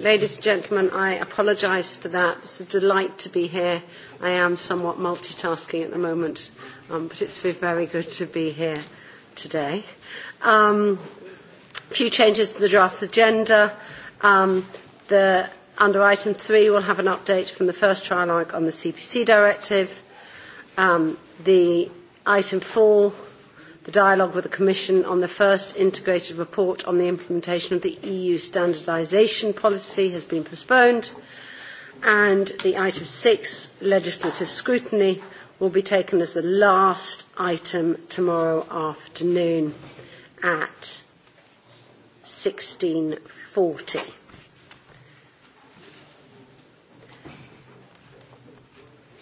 Ladies and gentlemen, I apologise for that. It's a delight to be here. I am somewhat multitasking at the moment, um, but it's been very good to be here today. Um, a few changes to the draft agenda. Um, the, under item three, we'll have an update from the first trialogue on the CPC directive. Um, the item four the dialogue with the Commission on the first integrated report on the implementation of the EU standardisation policy has been postponed, and the item six, legislative scrutiny, will be taken as the last item tomorrow afternoon at 1640.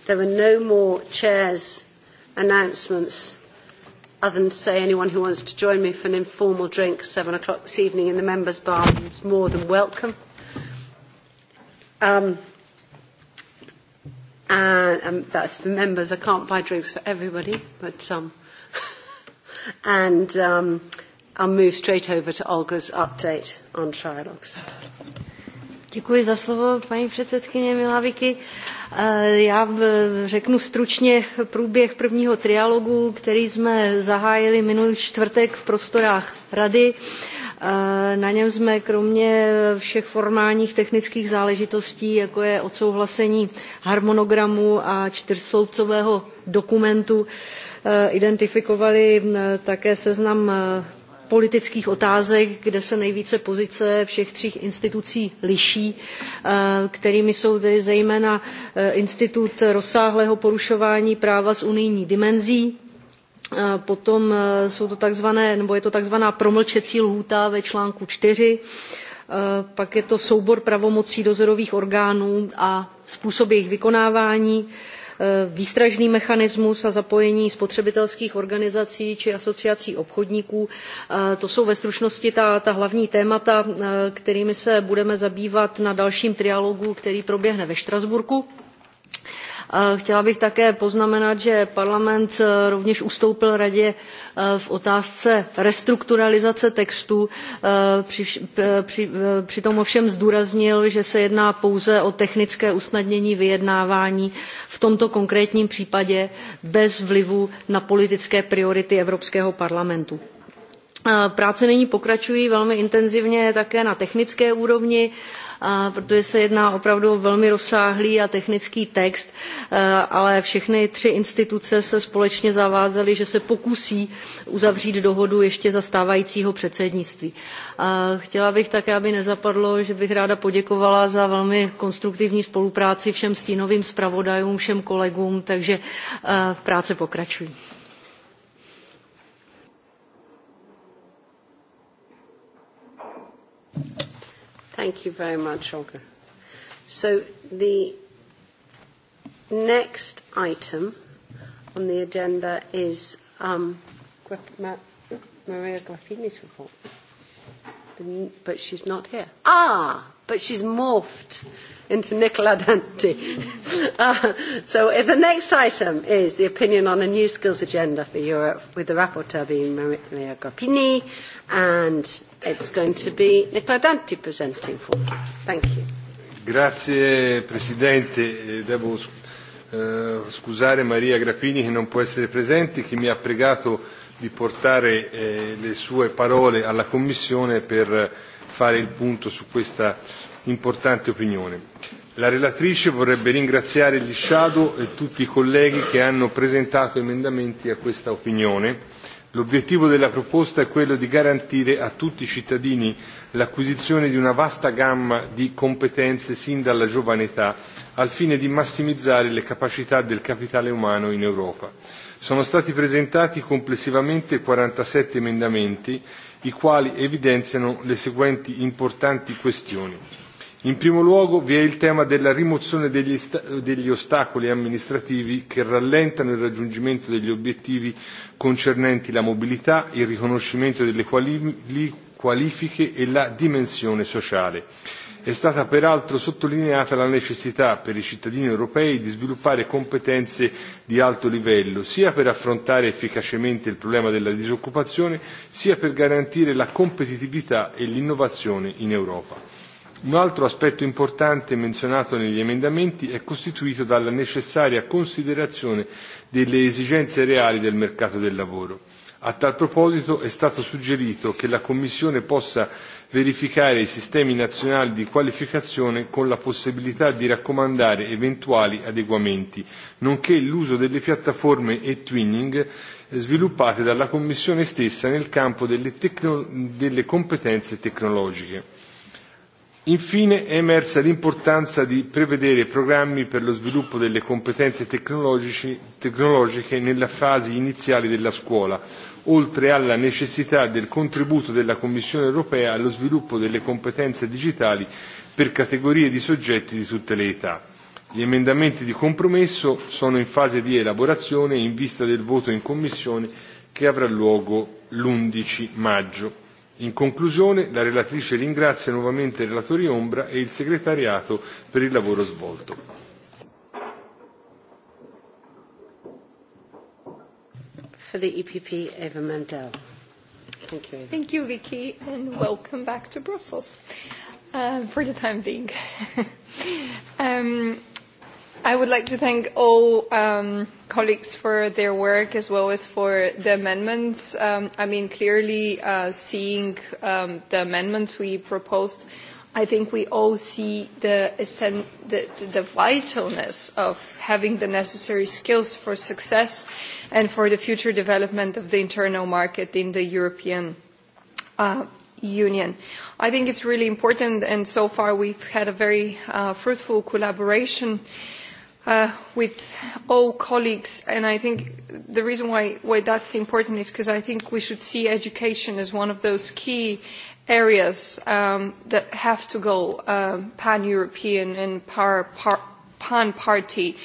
There are no more chairs announcements other than to say anyone who wants to join me for an informal drink at 7 o'clock this evening in the members' bar is more than welcome. Um, and um, that's for members. I can't buy drinks for everybody, but um, and um, I'll move straight over to Olga's update on trialogues. Děkuji za slovo, paní předsedkyně Milaviky. Eh, já eh, řeknu stručně průběh prvního trialogu, který jsme zahájili minulý čtvrtek v prostorách Rady. Eh, na něm jsme kromě všech formálních technických záležitostí, jako je odsouhlasení harmonogramu a čtyřsloupcového dokumentu, identifikovali také seznam politických otázek, kde se nejvíce pozice všech tří institucí liší, eh, kterými jsou tedy zejména eh, institut rozsáhlého porušování práva s unijní dimenzí, eh, potom jsou to takzvané, nebo je to takzvaná promlčecí lhůta ve článku 4, pak je to soubor pravomocí dozorových orgánů a způsob jejich vykonávání, E, výstražný mechanismus a zapojení spotřebitelských organizací či asociací obchodníků. E, to jsou ve stručnosti ta, ta hlavní témata, e, kterými se budeme zabývat na dalším trialogu, který proběhne ve Štrasburku. Chtěla bych také poznamenat, že parlament e, rovněž ustoupil radě e, v otázce restrukturalizace textu. E, přitom při, při ovšem zdůraznil, že se jedná pouze o technické usnadnění vyjednávání v tomto konkrétním případě bez vlivu na politické priority Evropského parlamentu. Práce nyní pokračují velmi intenzivně také na technické úrovni protože se jedná opravdu o velmi rozsáhlý a technický text, eh, ale všechny tři instituce se společně zavázaly, že se pokusí uzavřít dohodu ještě za stávajícího předsednictví. Chtěla bych také, aby nezapadlo, že bych ráda poděkovala za velmi konstruktivní spolupráci všem stínovým zpravodajům, všem kolegům, takže eh, práce pokračují. Thank you very much, Olga. So the next item on the agenda is um, Maria Graffini's report. But she's not here. Ah, but she's morphed into Nicola Dante. uh, so uh, the next item is the opinion on a new skills agenda for Europe with the rapporteur being Maria Gopini and it's going to be Nicola Dante presenting for you. Thank you. Grazie Presidente, eh, devo eh, scusare Maria Grappini che non può essere presente, che mi ha pregato di portare eh, le sue parole alla Commissione per fare il punto su questa eh, importante opinione. La relatrice vorrebbe ringraziare gli Shadow e tutti i colleghi che hanno presentato emendamenti a questa opinione. L'obiettivo della proposta è quello di garantire a tutti i cittadini l'acquisizione di una vasta gamma di competenze sin dalla giovane età, al fine di massimizzare le capacità del capitale umano in Europa. Sono stati presentati complessivamente 47 emendamenti, i quali evidenziano le seguenti importanti questioni In primo luogo vi è il tema della rimozione degli, degli ostacoli amministrativi che rallentano il raggiungimento degli obiettivi concernenti la mobilità, il riconoscimento delle quali, qualifiche e la dimensione sociale. È stata peraltro sottolineata la necessità per i cittadini europei di sviluppare competenze di alto livello, sia per affrontare efficacemente il problema della disoccupazione, sia per garantire la competitività e l'innovazione in Europa. Un altro aspetto importante menzionato negli emendamenti è costituito dalla necessaria considerazione delle esigenze reali del mercato del lavoro. A tal proposito è stato suggerito che la Commissione possa verificare i sistemi nazionali di qualificazione con la possibilità di raccomandare eventuali adeguamenti, nonché l'uso delle piattaforme e-twinning sviluppate dalla Commissione stessa nel campo delle, tecno- delle competenze tecnologiche. Infine è emersa l'importanza di prevedere programmi per lo sviluppo delle competenze tecnologiche nella fase iniziale della scuola, oltre alla necessità del contributo della Commissione europea allo sviluppo delle competenze digitali per categorie di soggetti di tutte le età. Gli emendamenti di compromesso sono in fase di elaborazione in vista del voto in Commissione che avrà luogo l'11 maggio. In conclusione, la relatrice ringrazia nuovamente i relatori ombra e il segretariato per il lavoro svolto. For the EPP, Eva Mandel. Thank you. Eva. Thank you, Vicky, and welcome back to Brussels uh, for the time being. um, I would like to thank all um, colleagues for their work as well as for the amendments. Um, I mean, clearly uh, seeing um, the amendments we proposed, I think we all see the, the, the vitalness of having the necessary skills for success and for the future development of the internal market in the European uh, Union. I think it's really important, and so far we've had a very uh, fruitful collaboration. Uh, uh, with all colleagues, and I think the reason why, why that's important is because I think we should see education as one of those key areas um, that have to go um, pan-European and par, par, pan-party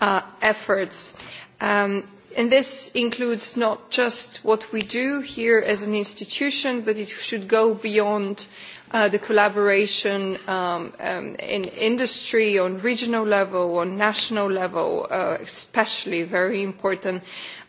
uh, efforts. Um, and this includes not just what we do here as an institution, but it should go beyond uh, uh, the collaboration um, um, in industry on regional level, on national level, uh, especially very important.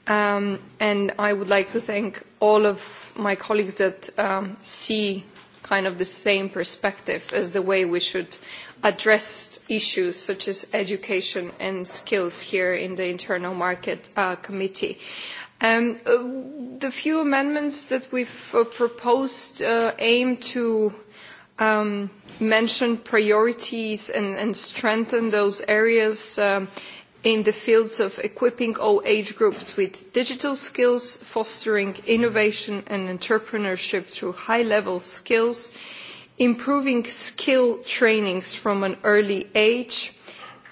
Um, and I would like to thank all of my colleagues that um, see kind of the same perspective as the way we should address issues such as education and skills here in the Internal Market uh, Committee. Um, uh, the few amendments that we've uh, proposed uh, aim to uh, um, mention priorities and, and strengthen those areas um, in the fields of equipping all age groups with digital skills, fostering innovation and entrepreneurship through high-level skills, improving skill trainings from an early age,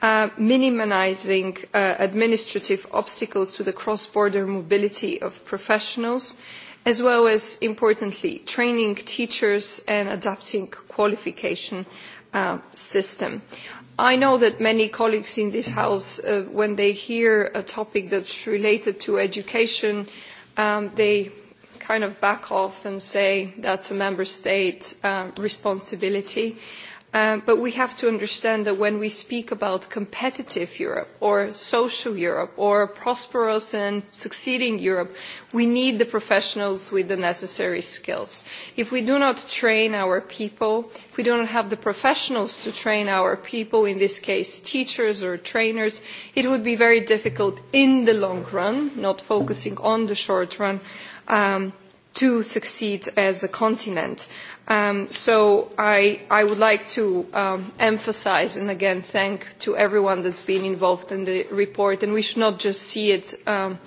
uh, minimizing uh, administrative obstacles to the cross-border mobility of professionals, uh, as well as, importantly, training teachers and adapting qualification uh, system. I know that many colleagues in this House, uh, when they hear a topic that's related to education, um, they kind of back off and say that's a member state uh, responsibility. Uh, Um, but we have to understand that when we speak about competitive Europe or social Europe or prosperous and succeeding Europe, we need the professionals with the necessary skills. If we do not train our people, if we do not have the professionals to train our people, in this case teachers or trainers, it would be very difficult in the long run, not focusing on the short run, um, to succeed as a continent. Um, so I, I would like to um, emphasize and again thank to everyone that's been involved in the report. And we should not just see it um,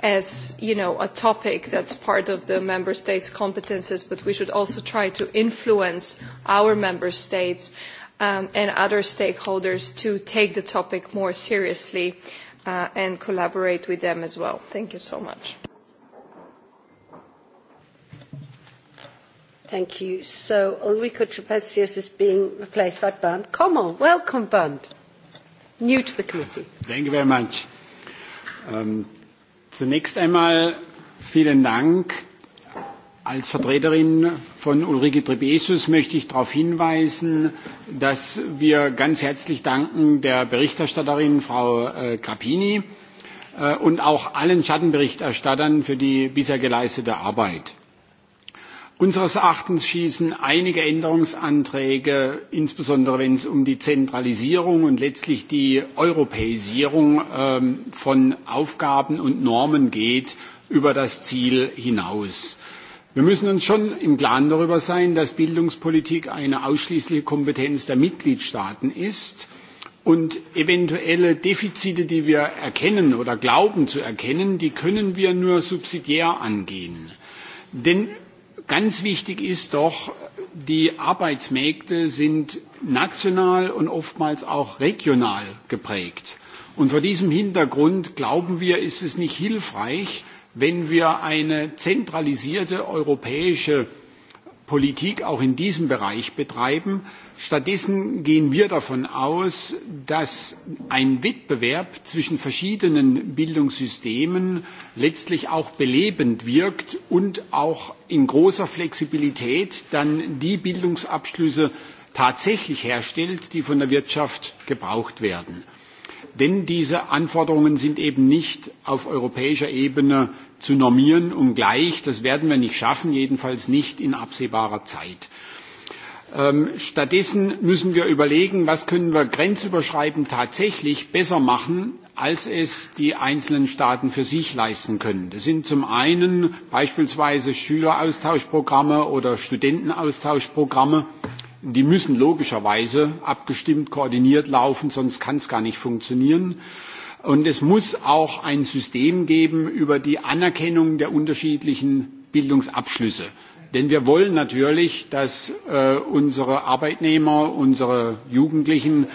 as you know a topic that's part of the member states' competences, but we should also try to influence our member states um, and other stakeholders to take the topic more seriously uh, and collaborate with them as well. Thank you so much. Thank you. So Ulrico Trapezius is being replaced by Bernd Kommel. Welcome, Bernd. New to the committee. Thank you very much. Ähm, zunächst einmal vielen Dank. Als Vertreterin von Ulrike Trebesius möchte ich darauf hinweisen, dass wir ganz herzlich danken der Berichterstatterin Frau äh, Grappini äh, und auch allen Schattenberichterstattern für die bisher geleistete Arbeit. Unseres Erachtens schießen einige Änderungsanträge, insbesondere wenn es um die Zentralisierung und letztlich die Europäisierung ähm, von Aufgaben und Normen geht, über das Ziel hinaus. Wir müssen uns schon im Klaren darüber sein, dass Bildungspolitik eine ausschließliche Kompetenz der Mitgliedstaaten ist und eventuelle Defizite, die wir erkennen oder glauben zu erkennen, die können wir nur subsidiär angehen. Denn Ganz wichtig ist doch, die Arbeitsmärkte sind national und oftmals auch regional geprägt. Und vor diesem Hintergrund glauben wir, ist es nicht hilfreich, wenn wir eine zentralisierte europäische Politik auch in diesem Bereich betreiben, Stattdessen gehen wir davon aus, dass ein Wettbewerb zwischen verschiedenen Bildungssystemen letztlich auch belebend wirkt und auch in großer Flexibilität dann die Bildungsabschlüsse tatsächlich herstellt, die von der Wirtschaft gebraucht werden. Denn diese Anforderungen sind eben nicht auf europäischer Ebene zu normieren und gleich. Das werden wir nicht schaffen, jedenfalls nicht in absehbarer Zeit. Ähm, stattdessen müssen wir überlegen, was können wir grenzüberschreitend tatsächlich besser machen, als es die einzelnen Staaten für sich leisten können. Das sind zum einen beispielsweise Schüleraustauschprogramme oder Studentenaustauschprogramme. Die müssen logischerweise abgestimmt, koordiniert laufen, sonst kann es gar nicht funktionieren. Und es muss auch ein System geben über die Anerkennung der unterschiedlichen Bildungsabschlüsse. Denn wir wollen natürlich, dass äh, unsere Arbeitnehmer, unsere Jugendlichen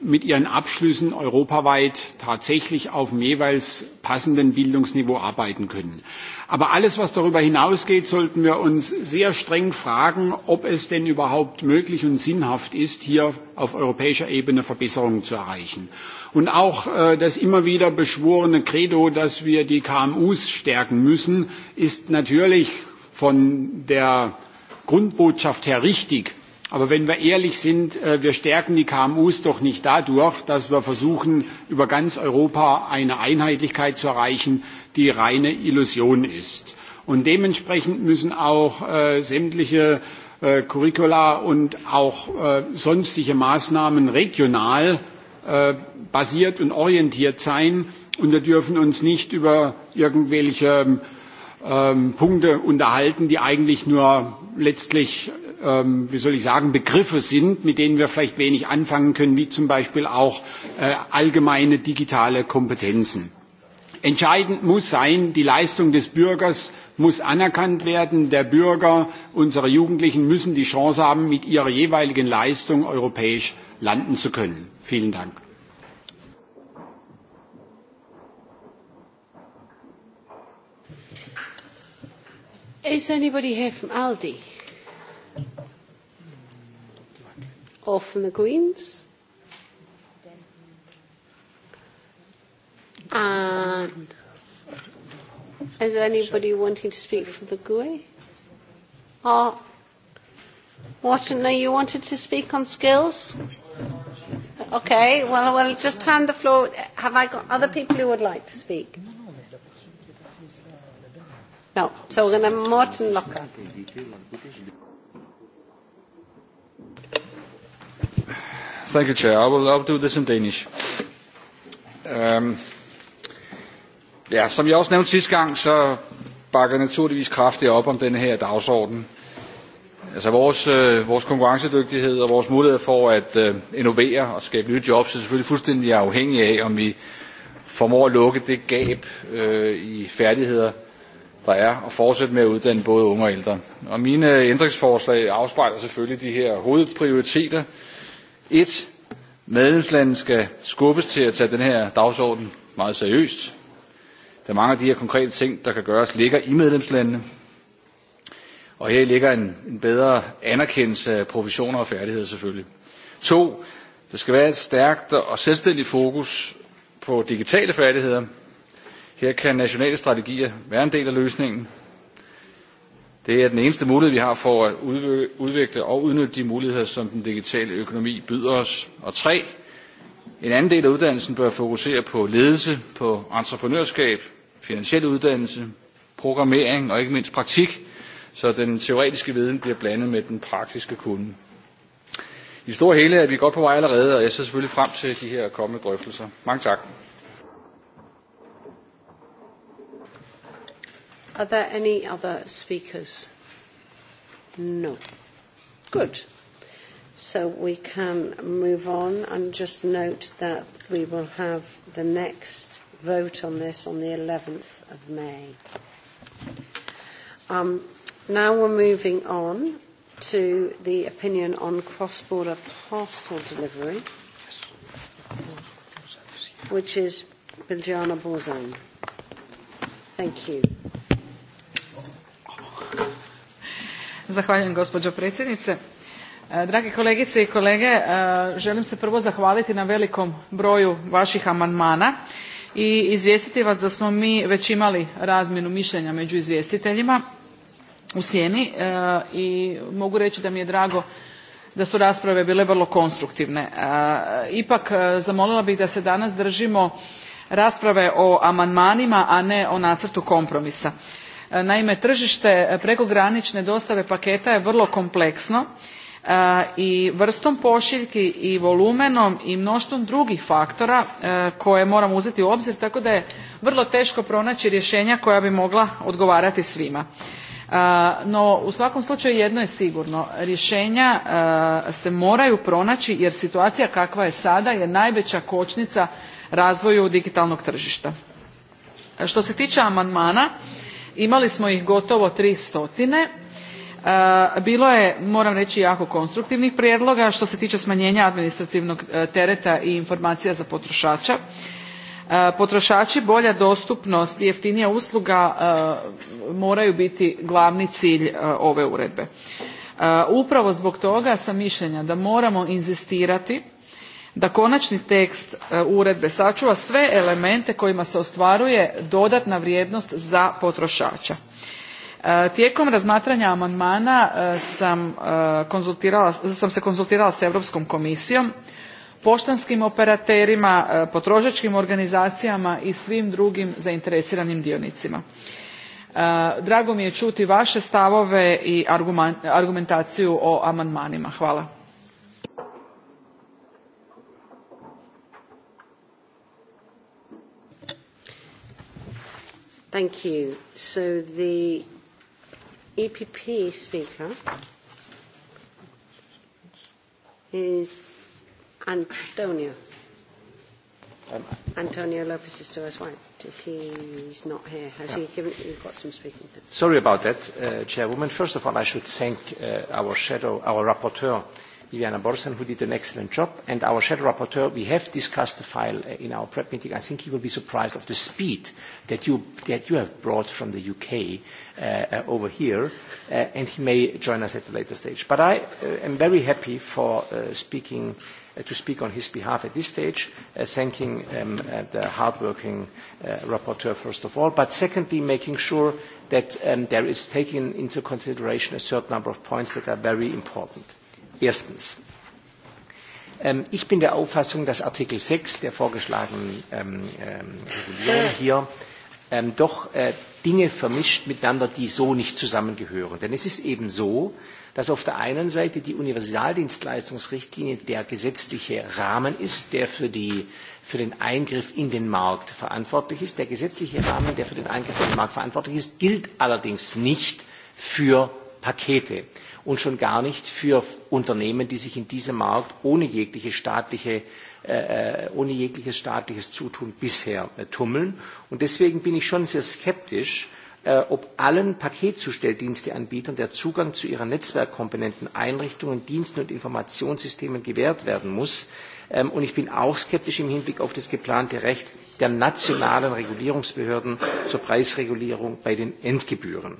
mit ihren Abschlüssen europaweit tatsächlich auf dem jeweils passenden Bildungsniveau arbeiten können. Aber alles, was darüber hinausgeht, sollten wir uns sehr streng fragen, ob es denn überhaupt möglich und sinnhaft ist, hier auf europäischer Ebene Verbesserungen zu erreichen. Und auch äh, das immer wieder beschworene Credo, dass wir die KMUs stärken müssen, ist natürlich von der Grundbotschaft her richtig. Aber wenn wir ehrlich sind, äh, wir stärken die KMUs doch nicht dadurch, dass wir versuchen, über ganz Europa eine Einheitlichkeit zu erreichen, die reine Illusion ist. Und dementsprechend müssen auch äh, sämtliche äh, Curricula und auch äh, sonstige Maßnahmen regional äh, basiert und orientiert sein. Und wir dürfen uns nicht über irgendwelche äh, ähm, Punkte unterhalten, die eigentlich nur letztlich, ähm, wie soll ich sagen, Begriffe sind, mit denen wir vielleicht wenig anfangen können, wie zum Beispiel auch äh, allgemeine digitale Kompetenzen. Entscheidend muss sein, die Leistung des Bürgers muss anerkannt werden. Der Bürger, unsere Jugendlichen müssen die Chance haben, mit ihrer jeweiligen Leistung europäisch landen zu können. Vielen Dank. Is anybody here from Aldi? Or from the Greens? And is anybody wanting to speak for the GUE? Or Wharton, no, you wanted to speak on skills? Okay, well, we'll just hand the floor. Have I got other people who would like to speak? No. No, so we're going to Morten Locker. Thank you, Chair. I will, I'll do this in Danish. Um, ja, som jeg også nævnte sidste gang, så bakker jeg naturligvis kraftigt op om den her dagsorden. Altså vores, øh, vores konkurrencedygtighed og vores mulighed for at øh, innovere og skabe nye jobs er selvfølgelig fuldstændig afhængige af, om vi formår at lukke det gab øh, i færdigheder, der er og fortsætte med at uddanne både unge og ældre. Og mine ændringsforslag afspejler selvfølgelig de her hovedprioriteter. 1. Medlemslandene skal skubbes til at tage den her dagsorden meget seriøst, da er mange af de her konkrete ting, der kan gøres, ligger i medlemslandene. Og her ligger en, en bedre anerkendelse af professioner og færdigheder selvfølgelig. 2. Der skal være et stærkt og selvstændigt fokus på digitale færdigheder – Her kan nationale strategier være en del af løsningen. Det er den eneste mulighed, vi har for at udvikle og udnytte de muligheder, som den digitale økonomi byder os. Og tre, en anden del af uddannelsen bør fokusere på ledelse, på entreprenørskab, finansiel uddannelse, programmering og ikke mindst praktik, så den teoretiske viden bliver blandet med den praktiske kunde. I det store hele er vi godt på vej allerede, og jeg ser selvfølgelig frem til de her kommende drøftelser. Mange tak. Are there any other speakers? No. Good. So we can move on and just note that we will have the next vote on this on the 11th of May. Um, now we're moving on to the opinion on cross-border parcel delivery, which is Biljana Borzan. Thank you. Zahvaljujem gospođo predsjednice. E, Dragi kolegice i kolege, e, želim se prvo zahvaliti na velikom broju vaših amandmana i izvijestiti vas da smo mi već imali razmjenu mišljenja među izvjestiteljima u sjeni e, i mogu reći da mi je drago da su rasprave bile vrlo konstruktivne. Ipak zamolila bih da se danas držimo rasprave o amandmanima, a ne o nacrtu kompromisa naime tržište prekogranične dostave paketa je vrlo kompleksno e, i vrstom pošiljki i volumenom i mnoštvom drugih faktora e, koje moramo uzeti u obzir tako da je vrlo teško pronaći rješenja koja bi mogla odgovarati svima. E, no, u svakom slučaju jedno je sigurno, rješenja se moraju pronaći jer situacija kakva je sada je najveća kočnica razvoju digitalnog tržišta. Što se tiče amandmana, Imali smo ih gotovo tri stotine. E, bilo je, moram reći, jako konstruktivnih prijedloga što se tiče smanjenja administrativnog e, tereta i informacija za potrošača. E, potrošači bolja dostupnost i jeftinija usluga moraju biti glavni cilj ove uredbe. Upravo zbog toga sam mišljenja da moramo inzistirati da konačni tekst e, uredbe sačuva sve elemente kojima se ostvaruje dodatna vrijednost za potrošača. E, tijekom razmatranja amandmana e, sam, konzultirala, sam se konzultirala s Europskom komisijom, poštanskim operaterima, potrošačkim organizacijama i svim drugim zainteresiranim dionicima. Drago mi je čuti vaše stavove i argumentaciju o amandmanima. Hvala. Thank you. So the EPP speaker is Antonio. Um, Antonio Lopez is still as white. Is he, he's not here. Has yeah. he given, you've got some speaking. Sorry about that, uh, Chairwoman. First of all, I should thank uh, our shadow, our rapporteur, uh, Viviana Borsan, who did an excellent job, and our shadow rapporteur. We have discussed the file uh, in our prep meeting. I think he will be surprised of the speed that you, that you have brought from the UK uh, uh, over here, uh, and he may join us at a later stage. But I uh, am very happy for uh, speaking uh, to speak on his behalf at this stage, uh, thanking um, uh, the hardworking uh, rapporteur first of all, but secondly making sure that um, there is taken into consideration a certain number of points that are very important. Erstens. Ähm, ich bin der Auffassung, dass Artikel 6 der vorgeschlagenen ähm, ähm, Regulierung hier ähm, doch äh, Dinge vermischt miteinander, die so nicht zusammengehören. Denn es ist eben so, dass auf der einen Seite die Universaldienstleistungsrichtlinie der gesetzliche Rahmen ist, der für, die, für den Eingriff in den Markt verantwortlich ist. Der gesetzliche Rahmen, der für den Eingriff in den Markt verantwortlich ist, gilt allerdings nicht für Pakete und schon gar nicht für Unternehmen, die sich in diesem Markt ohne, jegliche staatliche, äh, äh, ohne jegliches staatliches Zutun bisher äh, tummeln. Und deswegen bin ich schon sehr skeptisch, äh, ob allen Paketzustelldiensteanbietern der Zugang zu ihren Netzwerkkomponenten, Einrichtungen, Diensten und Informationssystemen gewährt werden muss. Ähm, und ich bin auch skeptisch im Hinblick auf das geplante Recht der nationalen Regulierungsbehörden zur Preisregulierung bei den Endgebühren.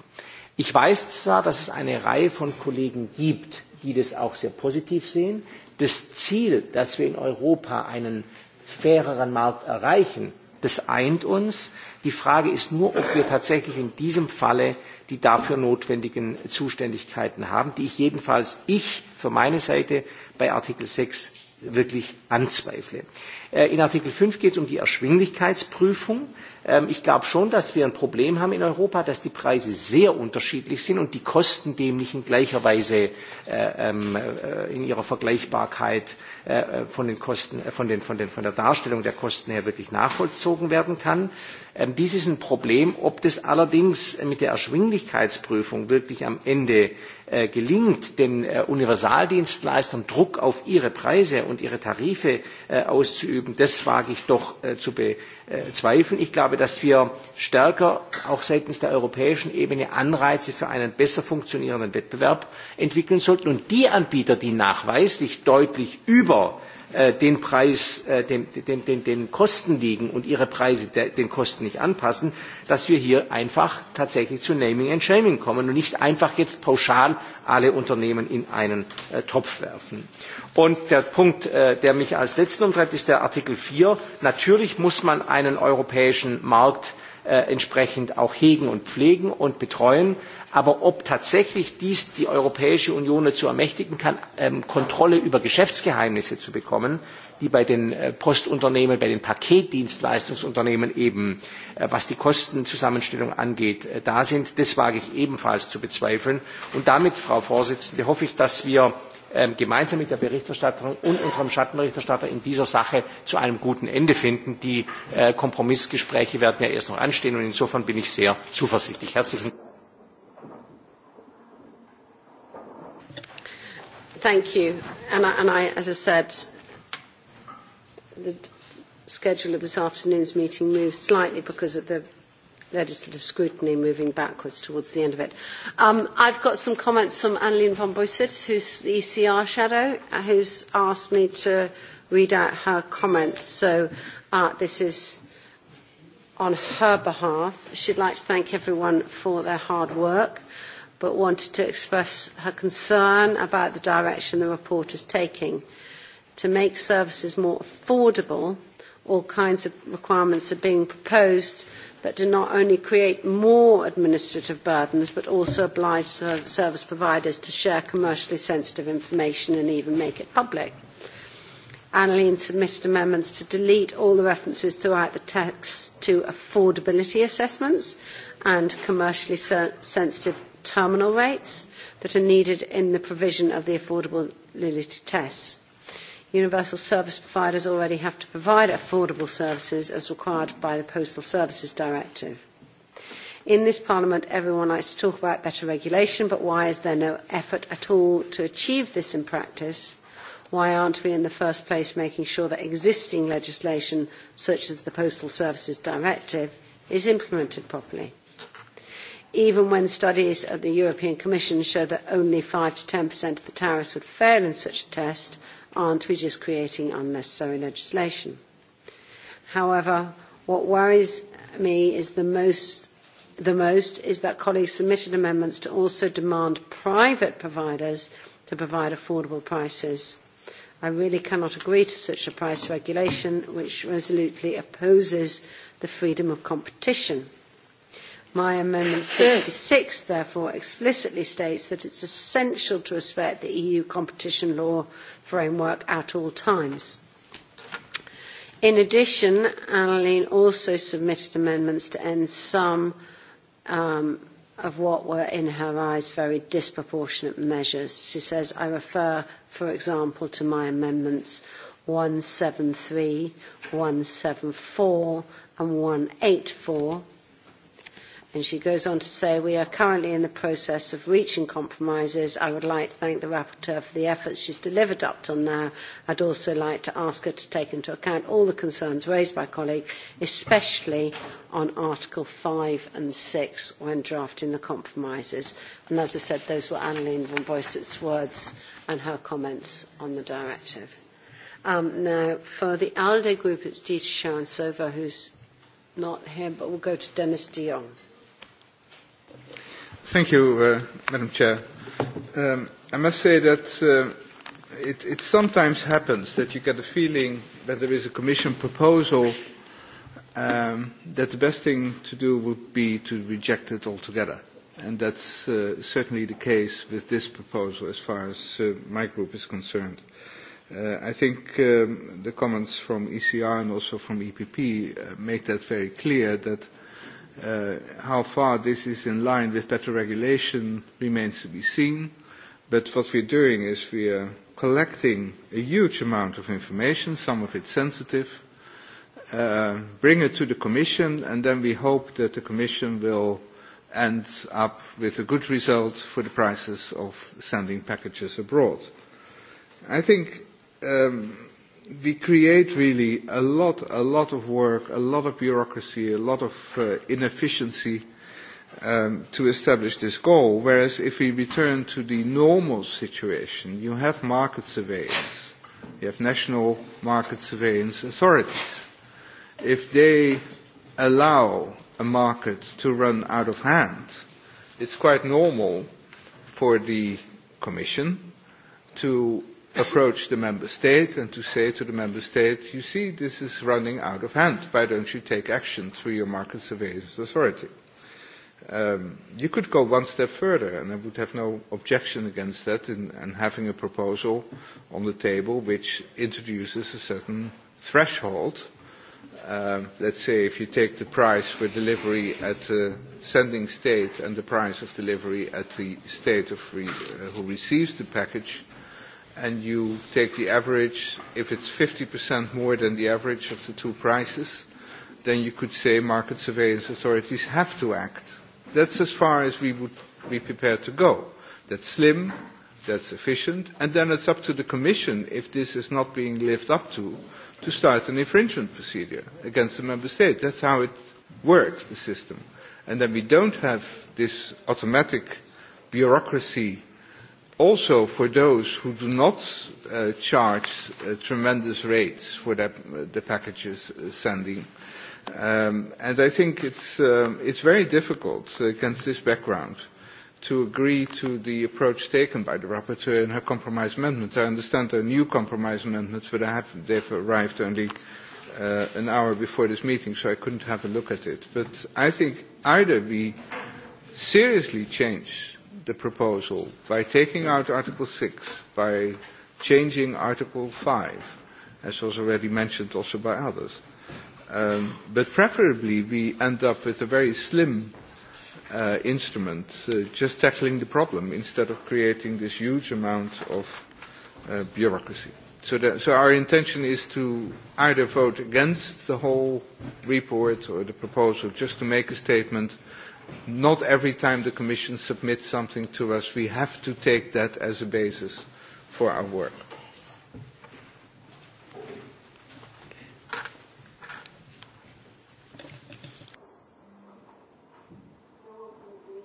Ich weiß zwar, dass es eine Reihe von Kollegen gibt, die das auch sehr positiv sehen. Das Ziel, dass wir in Europa einen faireren Markt erreichen, das eint uns. Die Frage ist nur, ob wir tatsächlich in diesem Falle die dafür notwendigen Zuständigkeiten haben, die ich jedenfalls ich für meine Seite bei Artikel 6 wirklich anzweifle. Äh, in Artikel 5 geht es um die Erschwinglichkeitsprüfung. Ähm, ich glaube schon, dass wir ein Problem haben in Europa, dass die Preise sehr unterschiedlich sind und die Kosten dem nicht in gleicher Weise äh, ähm, äh, in ihrer Vergleichbarkeit äh, von den Kosten, von, den, von, den, von der Darstellung der Kosten her wirklich nachvollzogen werden kann. Ähm, dies ist ein Problem. Ob das allerdings mit der Erschwinglichkeitsprüfung wirklich am Ende Äh, gelingt, den äh, Universaldienstleistern Druck auf ihre Preise und ihre Tarife äh, auszuüben, das wage ich doch zu bezweifeln. Ich glaube, dass wir stärker auch seitens der europäischen Ebene Anreize für einen besser funktionierenden Wettbewerb entwickeln sollten und die Anbieter, die nachweislich deutlich über Äh, den Preis, äh, den, den, den, den Kosten liegen und ihre Preise de, den Kosten nicht anpassen, dass wir hier einfach tatsächlich zu Naming and Shaming kommen und nicht einfach jetzt pauschal alle Unternehmen in einen äh, Topf werfen. Und der Punkt, äh, der mich als letzten umtreibt, ist der Artikel 4. Natürlich muss man einen europäischen Markt äh, äh, entsprechend auch hegen und pflegen und betreuen. Aber ob tatsächlich dies die Europäische Union dazu ermächtigen kann, ähm, Kontrolle über Geschäftsgeheimnisse zu bekommen, die bei den äh, Postunternehmen, bei den Paketdienstleistungsunternehmen eben, äh, was die Kostenzusammenstellung angeht, äh, da sind, das wage ich ebenfalls zu bezweifeln. Und damit, Frau Vorsitzende, hoffe ich, dass wir Ähm, gemeinsam mit der Berichterstatterin und unserem Schattenberichterstatter in dieser Sache zu einem guten Ende finden. Die äh, Kompromissgespräche werden ja erst noch anstehen und insofern bin ich sehr zuversichtlich. Herzlichen Dank. Thank you. And I, and I, as I said, the schedule of this afternoon's meeting moved slightly because of the legislative scrutiny moving backwards towards the end of it. Um, I've got some comments from Annelien von Boisset, who's the ECR shadow, uh, who's asked me to read out her comments. So uh, this is on her behalf. She'd like to thank everyone for their hard work, but wanted to express her concern about the direction the report is taking. To make services more affordable, all kinds of requirements are being proposed – that do not only create more administrative burdens but also oblige service providers to share commercially sensitive information and even make it public. Annalene submitted amendments to delete all the references throughout the text to affordability assessments and commercially sensitive terminal rates that are needed in the provision of the affordability tests universal service providers already have to provide affordable services as required by the Postal Services Directive. In this Parliament, everyone likes to talk about better regulation, but why is there no effort at all to achieve this in practice? Why aren't we in the first place making sure that existing legislation, such as the Postal Services Directive, is implemented properly? even when studies at the European Commission show that only 5 to 10% of the tariffs would fail in such a test, aren't we just creating unnecessary legislation? However, what worries me is the most the most is that colleagues submitted amendments to also demand private providers to provide affordable prices. I really cannot agree to such a price regulation which resolutely opposes the freedom of competition My Amendment 66, therefore, explicitly states that it's essential to respect the EU competition law framework at all times. In addition, Annalene also submitted amendments to end some um, of what were, in her eyes, very disproportionate measures. She says, I refer, for example, to my amendments 173, 174, and 184 And she goes on to say, we are currently in the process of reaching compromises. I would like to thank the rapporteur for the efforts she's delivered up till now. I'd also like to ask her to take into account all the concerns raised by colleagues, especially on Article 5 and 6 when drafting the compromises. And as I said, those were Annalene von Boyce's words and her comments on the directive. Um, now, for the ALDE group, it's Dieter Schoensover, who's not him, but we'll go to Dennis de Jong. Thank you, uh, Madam Chair. Um, I must say that uh, it, it sometimes happens that you get a feeling that there is a Commission proposal um, that the best thing to do would be to reject it altogether. And that's uh, certainly the case with this proposal as far as uh, my group is concerned. Uh, I think um, the comments from ECR and also from EPP uh, make that very clear that uh, Uh, how far this is in line with better regulation remains to be seen, but what we're doing is we are collecting a huge amount of information, some of it sensitive, uh, bring it to the Commission, and then we hope that the Commission will end up with a good result for the prices of sending packages abroad. I think um, we create really a lot, a lot of work, a lot of bureaucracy, a lot of uh, inefficiency um, to establish this goal. Whereas if we return to the normal situation, you have market surveillance, you have national market surveillance authorities. If they allow a market to run out of hand, it's quite normal for the Commission to approach the member state and to say to the member state, you see, this is running out of hand. Why don't you take action through your market surveillance authority? Um, you could go one step further, and I would have no objection against that, in, and having a proposal on the table which introduces a certain threshold. Um, uh, let's say if you take the price for delivery at the sending state and the price of delivery at the state of re- uh, who receives the package, and you take the average, if it's 50% more than the average of the two prices, then you could say market surveillance authorities have to act. That's as far as we would be prepared to go. That's slim, that's efficient, and then it's up to the Commission, if this is not being lived up to, to start an infringement procedure against the Member State. That's how it works, the system. And then we don't have this automatic bureaucracy also for those who do not uh, charge uh, tremendous rates for that, uh, the packages uh, sending. Um, and I think it's, um, it's very difficult against this background to agree to the approach taken by the rapporteur in her compromise amendment. I understand there are new compromise amendments, but I have, they've arrived only uh, an hour before this meeting, so I couldn't have a look at it. But I think either we seriously change the proposal by taking out Article 6, by changing Article 5, as was already mentioned also by others. Um, but preferably we end up with a very slim uh, instrument, uh, just tackling the problem instead of creating this huge amount of uh, bureaucracy. So, that, so our intention is to either vote against the whole report or the proposal just to make a statement uh, not every time the Commission submits something to us, we have to take that as a basis for our work.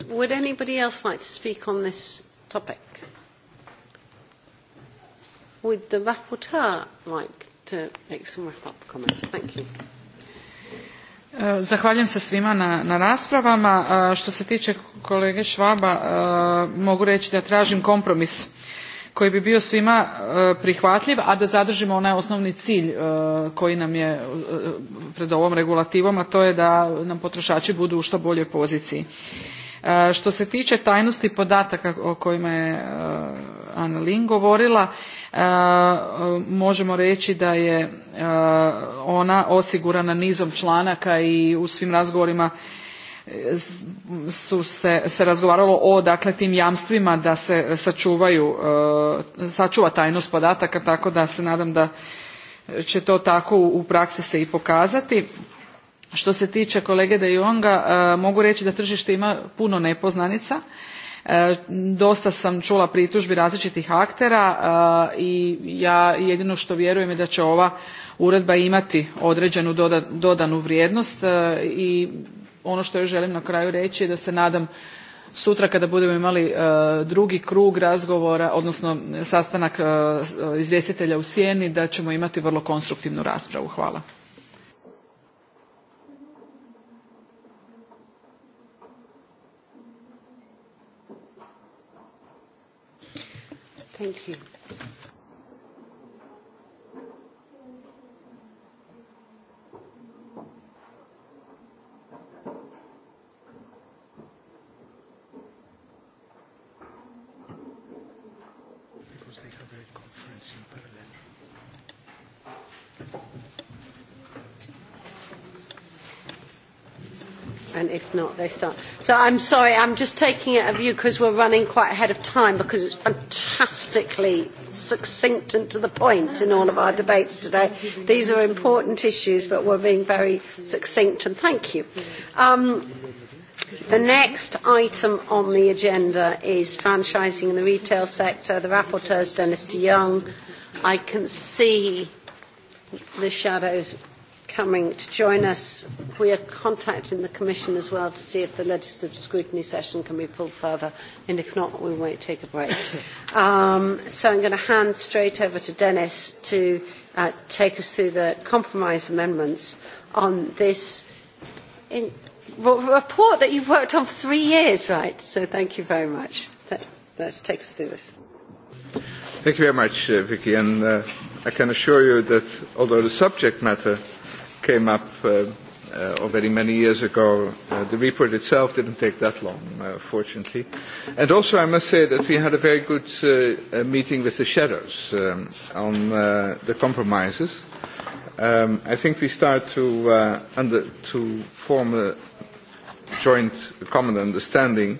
Would anybody else like to speak on this topic? Would the rapporteur like to make some wrap-up comments? Thank you. Zahvaljujem se svima na, na raspravama. E, što se tiče kolege Švaba, e, mogu reći da tražim kompromis koji bi bio svima e, prihvatljiv, a da zadržimo onaj osnovni cilj koji nam je pred ovom regulativom, a to je da nam potrošači budu u što boljoj poziciji. E, što se tiče tajnosti podataka o kojima je e, Ana Lin govorila, e, možemo reći da je ona osigurana nizom članaka i u svim razgovorima su se, se razgovaralo o dakle tim jamstvima da se sačuvaju, sačuva tajnost podataka, tako da se nadam da će to tako u praksi se i pokazati. Što se tiče kolege De Jonga, e, mogu reći da tržište ima puno nepoznanica. E, dosta sam čula pritužbi različitih aktera e, i ja jedino što vjerujem je da će ova uredba imati određenu dodanu vrijednost i ono što još želim na kraju reći je da se nadam sutra kada budemo imali drugi krug razgovora, odnosno sastanak izvjestitelja u sjeni, da ćemo imati vrlo konstruktivnu raspravu. Hvala. Thank you. start, they start. So I'm sorry, I'm just taking it of you because we're running quite ahead of time because it's fantastically succinct and to the point in all of our debates today. These are important issues, but we're being very succinct, and thank you. Um, the next item on the agenda is franchising in the retail sector. The rapporteur is Dennis de Young. I can see the shadows coming to join us. We are contacting the Commission as well to see if the legislative scrutiny session can be pulled further, and if not, we might take a break. um, so I'm going to hand straight over to Dennis to uh, take us through the compromise amendments on this in, report that you've worked on for three years, right? So thank you very much. That, let's take us through this. Thank you very much, uh, Vicky. And uh, I can assure you that although the subject matter came up uh, uh, already many years ago. Uh, the report itself didn't take that long, uh, fortunately. And also, I must say that we had a very good uh, uh, meeting with the shadows um, on uh, the compromises. Um, I think we start to, uh, under, to form a joint common understanding,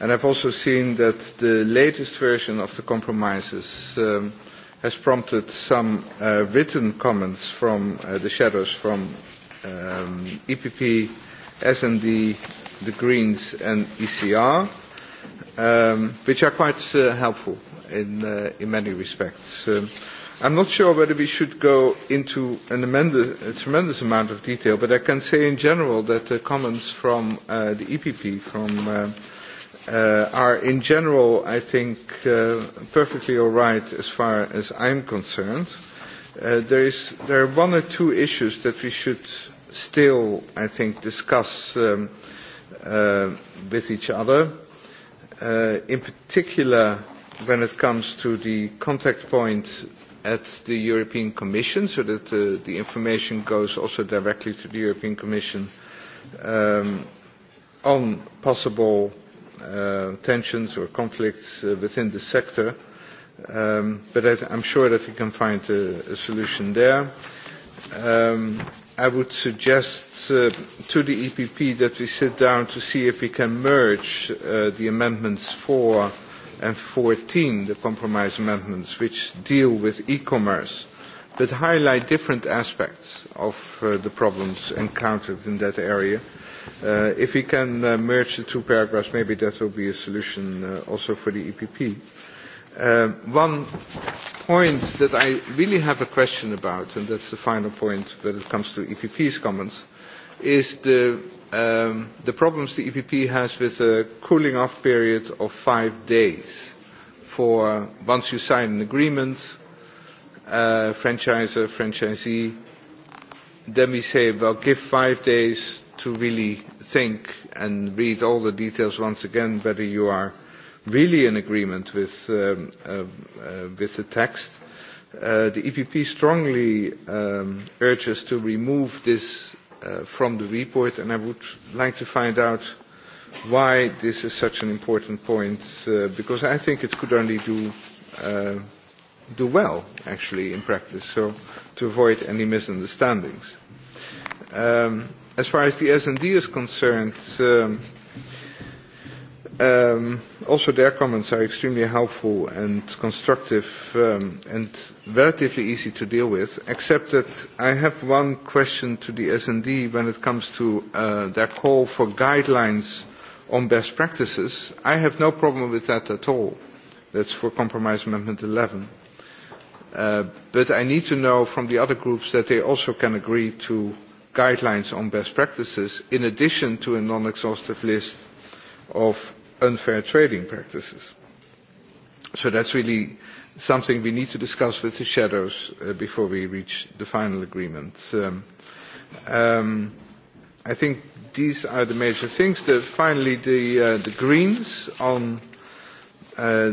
and I've also seen that the latest version of the compromises um, – has prompted some uh, written comments from uh, the shadows from um, EPP, S&D, the Greens and ECR, um, which are quite uh, helpful in, uh, in many respects. Um, I'm not sure whether we should go into an amended, a tremendous amount of detail, but I can say in general that the comments from uh, the EPP, from uh, uh, are in general, I think, uh, perfectly all right as far as I'm concerned. Uh, there, is, there are one or two issues that we should still, I think, discuss um, uh, with each other. Uh, in particular, when it comes to the contact point at the European Commission, so that uh, the information goes also directly to the European Commission um, on possible uh, uh, tensions or conflicts uh, within the sector. Um, but I, I'm sure that we can find a, a solution there. Um, I would suggest uh, to the EPP that we sit down to see if we can merge uh, the amendments 4 and 14, the compromise amendments, which deal with e-commerce, but highlight different aspects of uh, the problems encountered in that area. Uh, Uh, if we can uh, merge the two paragraphs, maybe that will be a solution uh, also for the EPP. Um, uh, one point that I really have a question about, and that's the final point when it comes to EPP's comments, is the, um, the problems the EPP has with a cooling off period of five days for once you sign an agreement, uh, franchisor, franchisee, then we say, well, give five days to really think and read all the details once again whether you are really in agreement with, um, uh, uh, with the text. Uh, the EPP strongly um, urges to remove this uh, from the report, and I would like to find out why this is such an important point, uh, because I think it could only do, uh, do well, actually, in practice, so to avoid any misunderstandings. Um, as far as the S&D is concerned, um, um, also their comments are extremely helpful and constructive um, and relatively easy to deal with, except that I have one question to the S&D when it comes to uh, their call for guidelines on best practices. I have no problem with that at all. That's for Compromise Amendment 11. Uh, but I need to know from the other groups that they also can agree to guidelines on best practices in addition to a non-exhaustive list of unfair trading practices. So that's really something we need to discuss with the shadows uh, before we reach the final agreement. Um, um, I think these are the major things. The, finally, the, uh, the Greens on... Uh,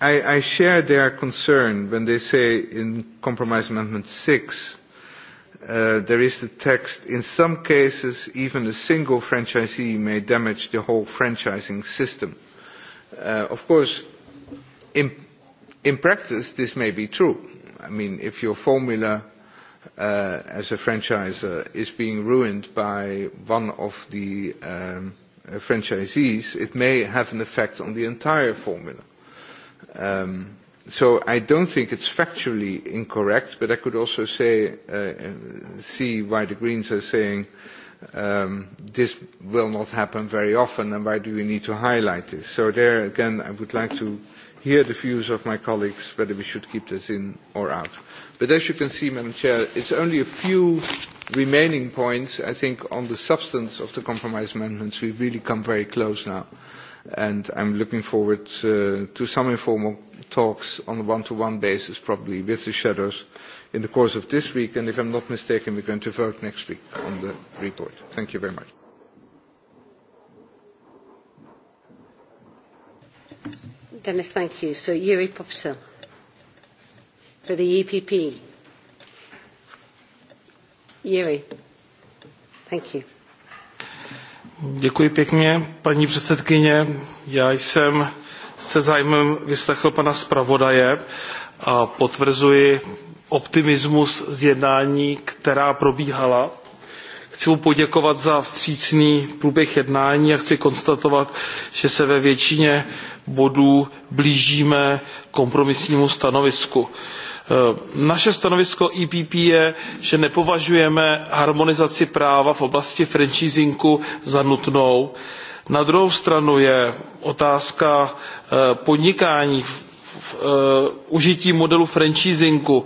I, I share their concern when they say in Compromise Amendment 6 Uh, there is the text, in some cases, even a single franchisee may damage the whole franchising system. Uh, of course, in, in practice, this may be true. I mean, if your formula uh, as a franchisor is being ruined by one of the um, franchisees, it may have an effect on the entire formula. Um, so I don't think it's factually incorrect, but I could also say, uh, see why the Greens are saying um, this will not happen very often, and why do we need to highlight this? So there again, I would like to hear the views of my colleagues whether we should keep this in or out. But as you can see, Madam Chair, it's only a few remaining points. I think on the substance of the compromise amendments, we've really come very close now. And I'm looking forward uh, to some informal talks on a one-to-one -one basis, probably with the shadows, in the course of this week. And if I'm not mistaken, we're going to vote next week on the report. Thank you very much. Dennis, thank you. So, Yuri Popsil for the EPP. Yuri, thank you. Děkuji pěkně, paní předsedkyně. Já jsem se zájmem vyslechl pana zpravodaje a potvrzuji optimismus z jednání která probíhala. chci mu poděkovat za vstřícný průběh jednání a chci konstatovat že se ve většině bodů blížíme kompromisnímu stanovisku. E, naše stanovisko ppe je že nepovažujeme harmonizaci práva v oblasti franchisingu za nutnou. Na druhou stranu je otázka eh, podnikání eh, užití modelu franchisingu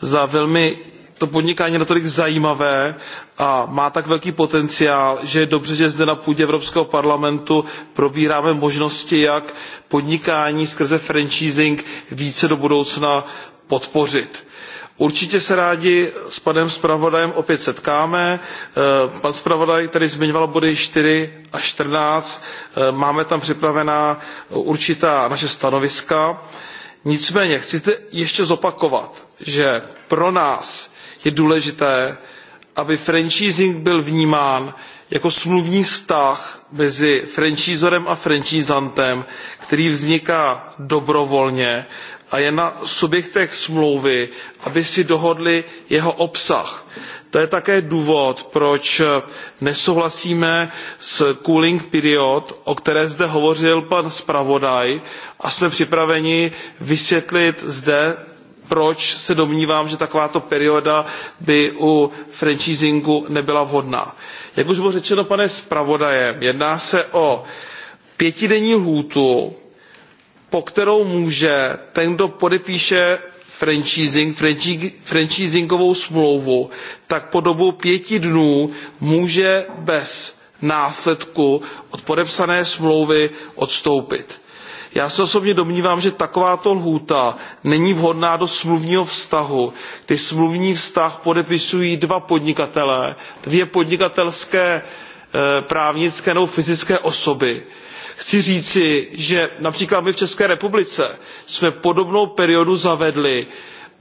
za velmi to podnikání je natolik zajímavé a má tak velký potenciál že je dobře že zde na půdě evropského parlamentu probíráme možnosti jak podnikání skrze franchising více do budoucna podpořit určitě se rádi s panem zpravodajem opět setkáme eh, pan zpravodaj tady zmiňoval body four a fourteen eh, máme tam připravená určitá naše stanoviska nicméně chci zde ještě zopakovat že pro nás je důležité aby franchising byl vnímán jako smluvní vztah mezi franšízorem a franšízantem který vzniká dobrovolně a je na subjektech smlouvy aby si dohodly jeho obsah. to je také důvod proč eh, nesouhlasíme s cooling period o které zde hovořil pan zpravodaj a jsme připraveni vysvětlit zde proč se domnívám že takováto perioda by u franchisingu nebyla vhodná. jak už bylo řečeno panem zpravodajem jedná se o pětidenní lhůtu po kterou může ten, kdo podepíše franchising, franchisingovou smlouvu, tak po dobu pěti dnů může bez následku od podepsané smlouvy odstoupit. Já se osobně domnívám, že takováto lhůta není vhodná do smluvního vztahu, kdy smluvní vztah podepisují dva podnikatelé, dvě podnikatelské eh, právnické nebo fyzické osoby chci říci že například my v české republice jsme podobnou periodu zavedli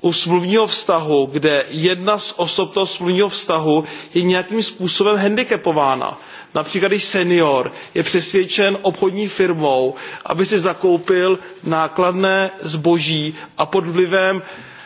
u smluvního vztahu kde jedna z osob toho smluvního vztahu je nějakým způsobem hendikepována například když senior je přesvědčen obchodní firmou aby si zakoupil nákladné zboží a pod vlivem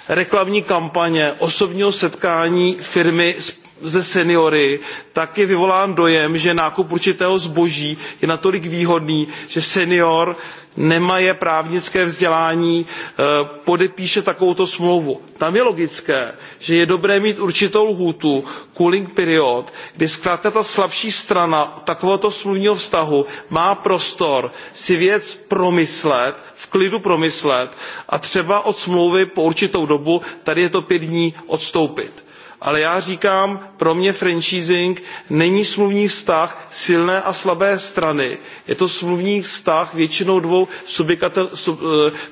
reklamní kampaně osobního setkání firmy s se seniory tak je vyvolán dojem že nákup určitého zboží je natolik výhodný že senior nemaje právnické vzdělání eh, podepíše takovouto smlouvu. tam je logické že je dobré mít určitou lhůtu cooling period kdy zkrátka ta slabší strana takovéhoto smluvního vztahu má prostor si věc promyslet v klidu promyslet a třeba od smlouvy po určitou dobu tady je to pět dní odstoupit ale já říkám pro mě franchising není smluvní vztah silné a slabé strany je to smluvní vztah většinou dvou eh,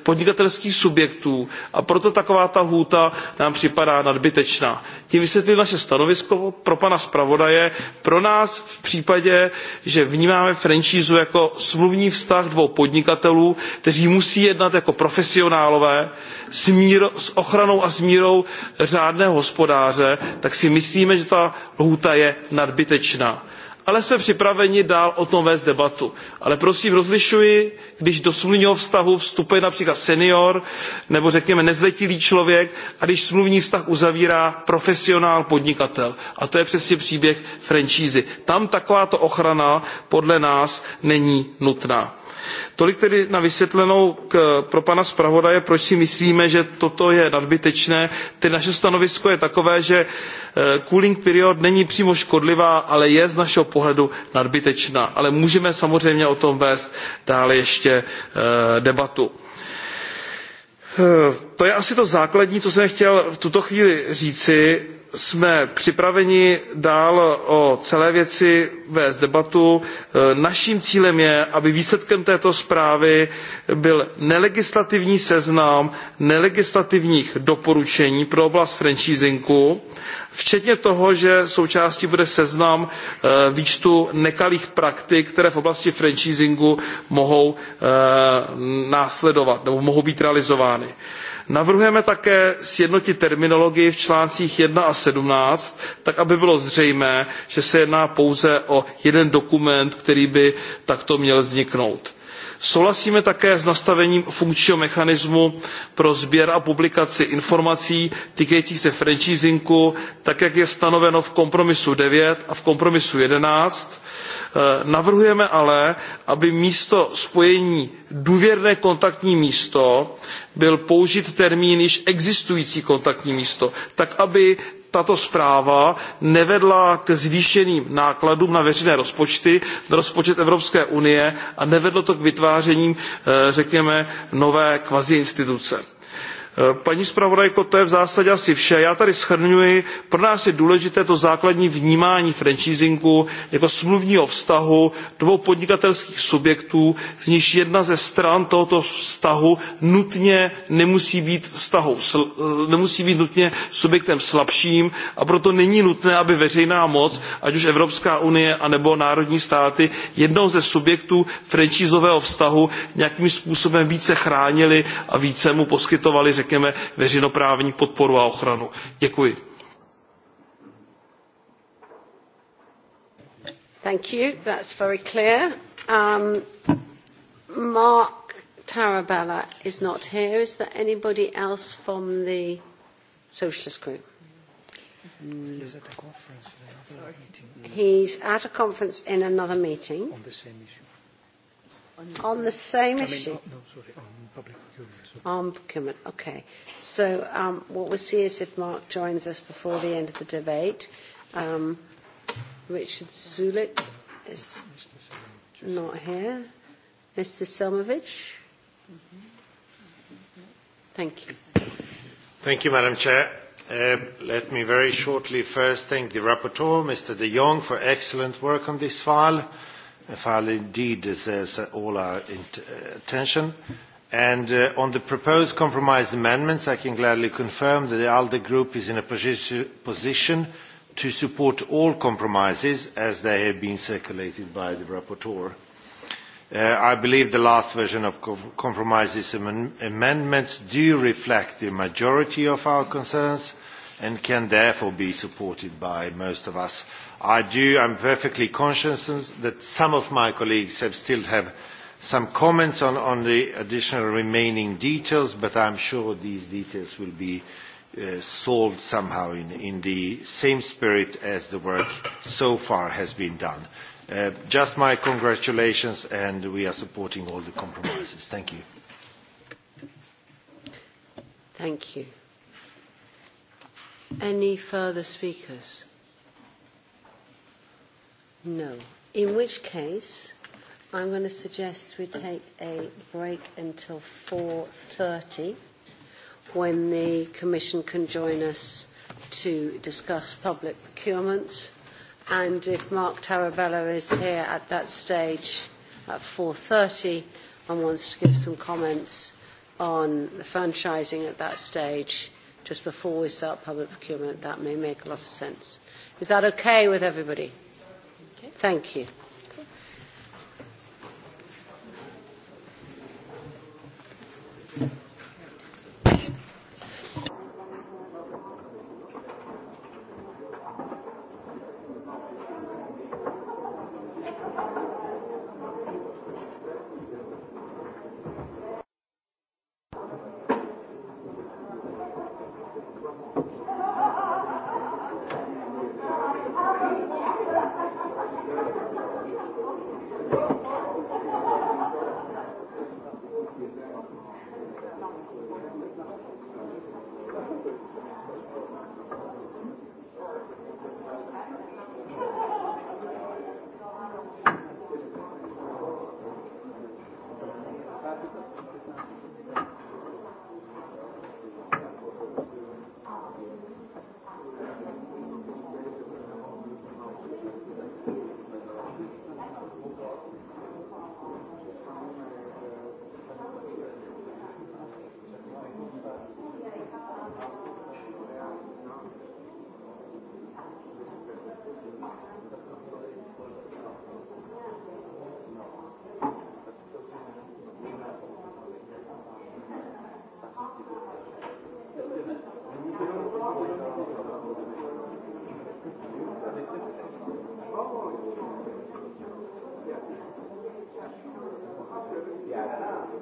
podnikatelských subjektů a proto taková ta lhůta nám připadá nadbytečná. tím vysvětlím naše stanovisko pro pana zpravodaje pro nás v případě že vnímáme franšízu jako smluvní vztah dvou podnikatelů kteří musí jednat jako profesionálové smír, s ochranou a s mírou řádného hospodáře tak si myslíme že ta lhůta je nadbytečná ale jsme připraveni dál o tom vést debatu. ale prosím rozlišuji když do smluvního vztahu vstupuje například senior nebo řekněme nezletilý člověk a když smluvní vztah uzavírá profesionál podnikatel a to je přesně příběh franšízy. tam takováto ochrana podle nás není nutná tolik tedy na vysvětlenou pro pana zpravodaje proč si myslíme že toto je nadbytečné. naše stanovisko je takové že e, cooling period není přímo škodlivá ale je z našeho pohledu nadbytečná ale můžeme samozřejmě o tom vést dále ještě e, debatu e, to je asi to základní co jsem chtěl v tuto chvíli říci jsme připraveni dál o celé věci vést debatu. E, naším cílem je aby výsledkem této zprávy byl nelegislativní seznam nelegislativních doporučení pro oblast franchisingu včetně toho že součástí bude seznam e, výčtu nekalých praktik které v oblasti franchisingu mohou e, následovat nebo mohou být realizovány navrhujeme také sjednotit terminologii v článcích one a seventeen tak aby bylo zřejmé že se jedná pouze o jeden dokument který by takto měl vzniknout. souhlasíme také s nastavením funkčního mechanismu pro sběr a publikaci informací týkajících se franchisingu tak jak je stanoveno v kompromisu nine a v kompromisu eleven Eh, navrhujeme ale, aby místo spojení důvěrné kontaktní místo byl použit termín již existující kontaktní místo, tak aby tato zpráva nevedla ke zvýšeným nákladům na veřejné rozpočty na rozpočet evropské unie a nevedlo to k vytváření eh, řekněme nové kvaziinstituce. E, paní zpravodajko to je v zásadě asi vše. já tady shrnuji pro nás je důležité to základní vnímání franchisingu jako smluvního vztahu dvou podnikatelských subjektů z nichž jedna ze stran tohoto vztahu nutně nemusí být, vztahu, e, nemusí být nutně subjektem slabším a proto není nutné aby veřejná moc ať už evropská unie anebo národní státy jednoho ze subjektů franchízového vztahu nějakým způsobem více chránily a více mu poskytovaly řekněme, veřejnoprávní podporu a ochranu. Děkuji. Thank you. That's very clear. Um, Mark Tarabella is not here. Is there anybody else from the Socialist Group? He's at a conference in another Sorry. meeting. He's at a conference in another meeting. On the same issue. On the same, on the same I mean, issue? No, no, sorry, on public Armed procurement, okay. So um, what we'll see is if Mark joins us before the end of the debate. Um, Richard Zulik is not here. Mr. Selmovich? Thank you. Thank you, Madam Chair. Uh, let me very shortly first thank the rapporteur, Mr. de Jong, for excellent work on this file. The file indeed deserves all our uh, attention. Uh, And uh, on the proposed compromise amendments, I can gladly confirm that the ALDE group is in a position, position to support all compromises as they have been circulated by the rapporteur. Uh, I believe the last version of com compromises am amendments do reflect the majority of our concerns and can therefore be supported by most of us. I do, I'm perfectly conscious that some of my colleagues have still have some comments on, on the additional remaining details, but I'm sure these details will be uh, solved somehow in, in the same spirit as the work so far has been done. Uh, just my congratulations, and we are supporting all the compromises. Thank you. Thank you. Any further speakers? No. In which case, I'm going to suggest we take a break until 4.30 when the Commission can join us to discuss public procurement. And if Mark Tarabella is here at that stage at 4.30 and wants to give some comments on the franchising at that stage, just before we start public procurement, that may make a lot of sense. Is that okay with everybody? Okay. Thank you.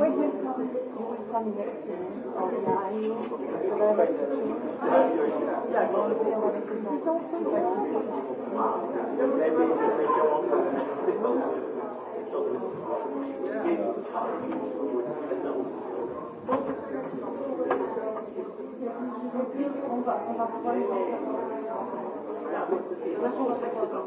When you come, you come next to me or behind you, whatever. You don't think that. Maybe it's if they go on for the next On va, on va pouvoir les De toute façon, on va faire encore.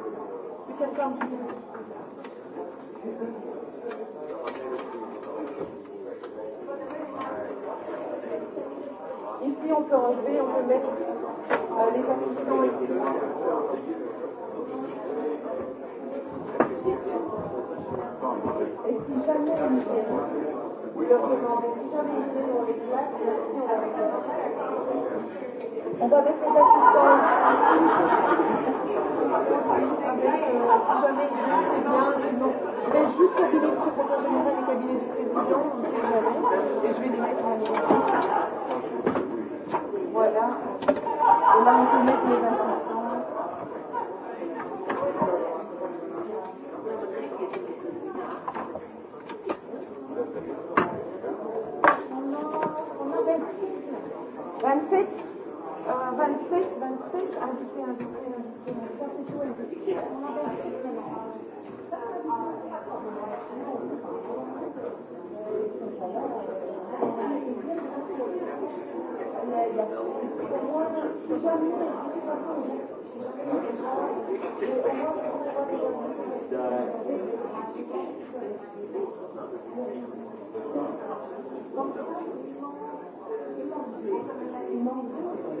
Ici, on peut enlever, on peut mettre euh, les assistants ici. Et si jamais on vient. On va avec les assistants. Si jamais il vient, c'est bien. Sinon, je vais juste au cabinet du secrétaire général et cabinet du président, on ne sait jamais. Et je vais les mettre en liste. Voilà. Et là, on peut mettre les assistants. think I understand the situation. Yeah. When I got sick in the hospital, Thank you.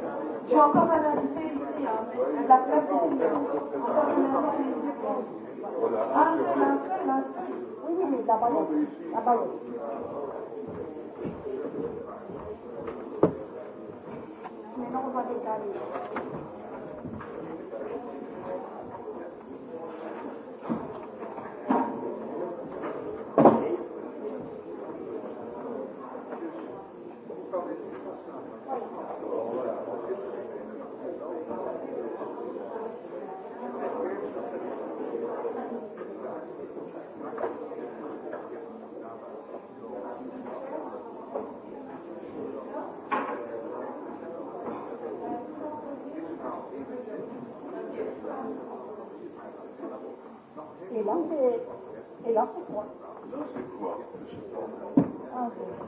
J'ai encore analysé ici, hein, mais la place est finie. Encore une analyse. Un seul, un seul, un seul. Oui, oui, mais là-bas, là-bas, oui. Maintenant, on va décaler. tomber. Et là, c'est quoi Là, c'est quoi Ah, bon.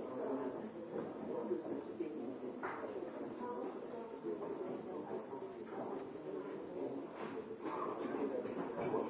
Thank you.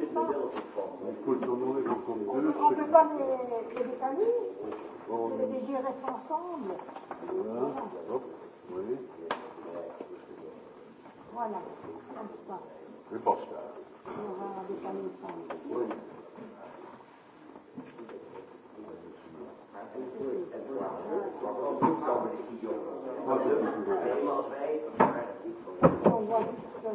Il faut le tourner pour qu'on On ne prend pas les, les familles, bon, vous les gérez ensemble. Voilà. Hop. Oui. Voilà, comme ça. Je pense que. On va les familles ensemble. Oui. Wat is het? Sowieso, maar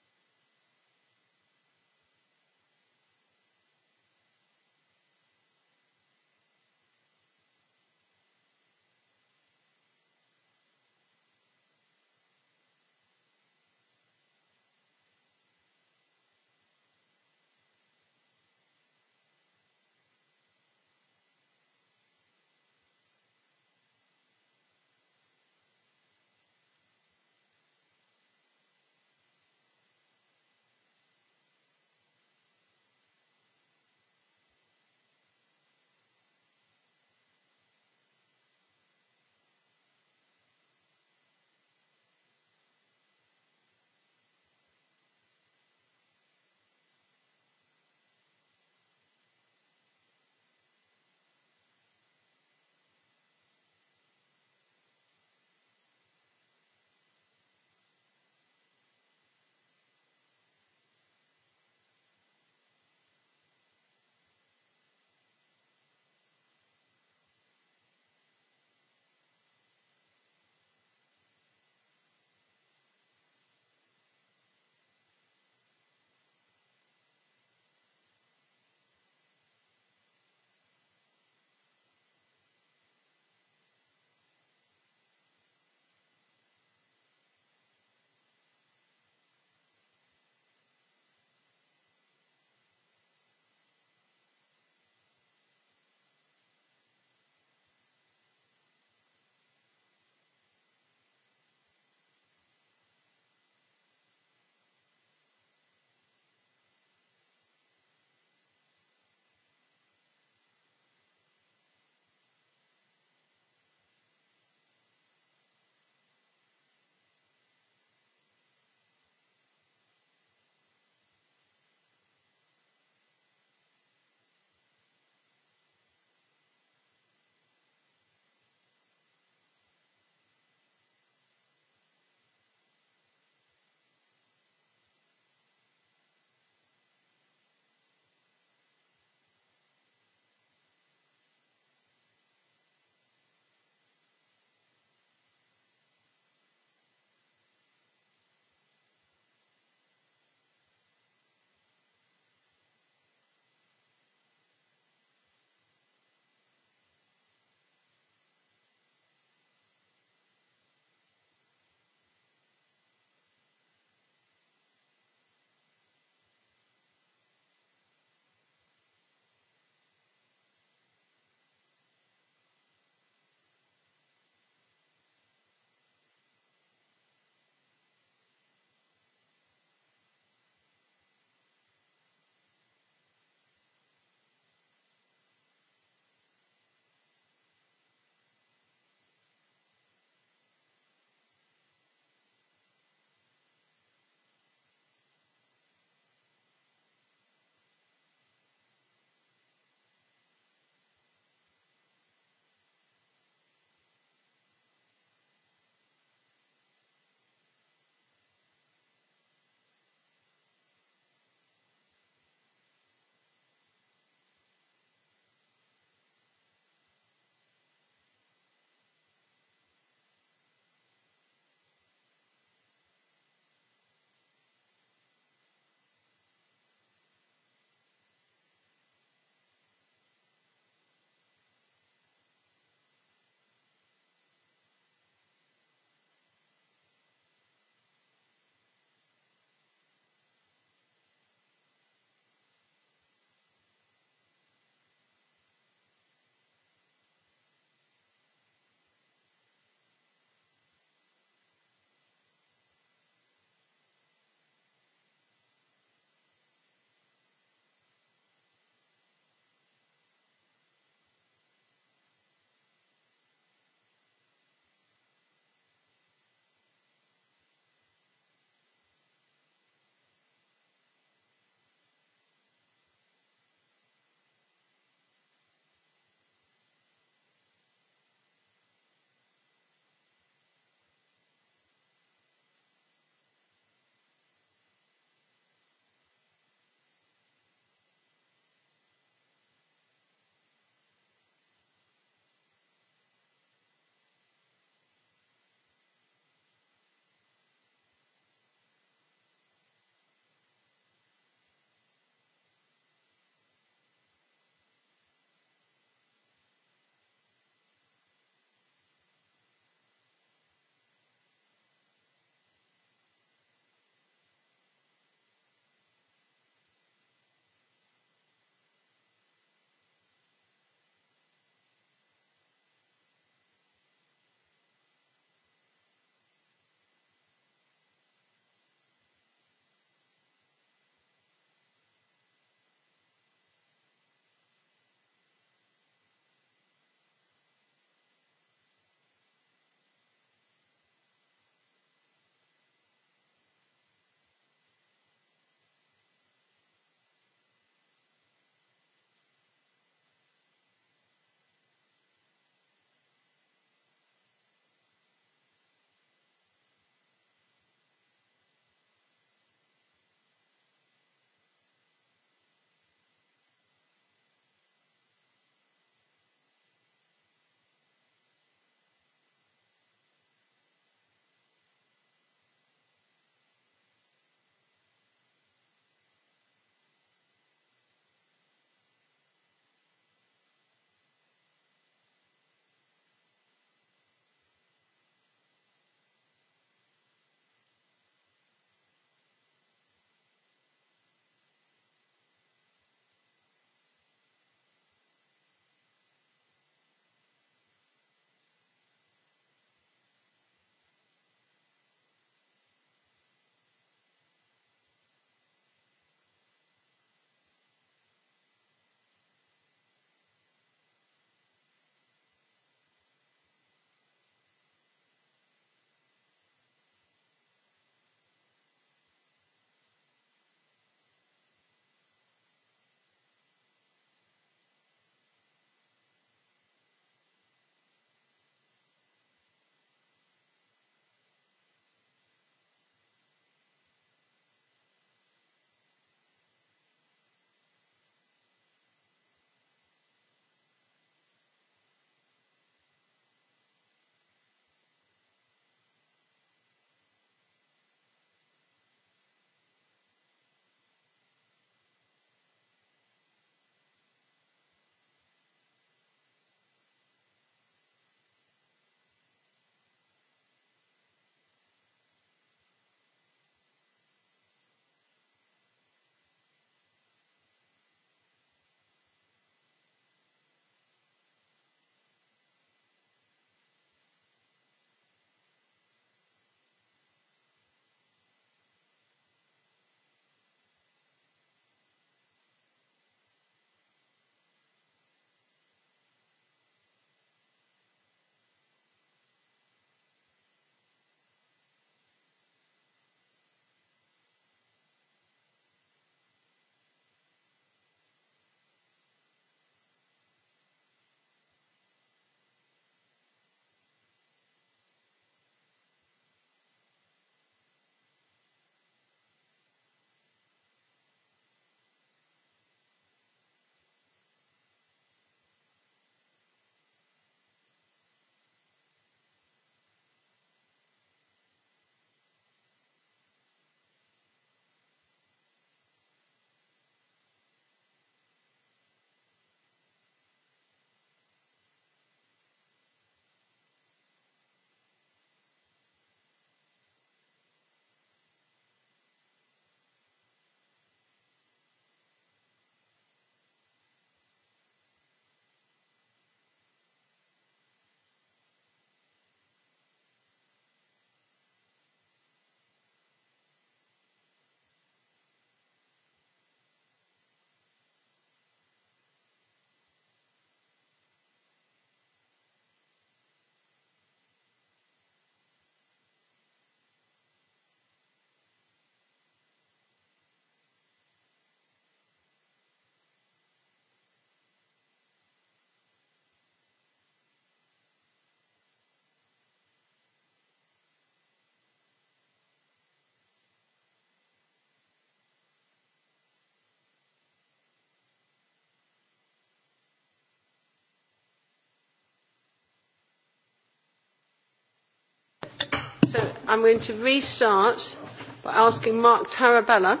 So I'm going to restart by asking Mark Tarabella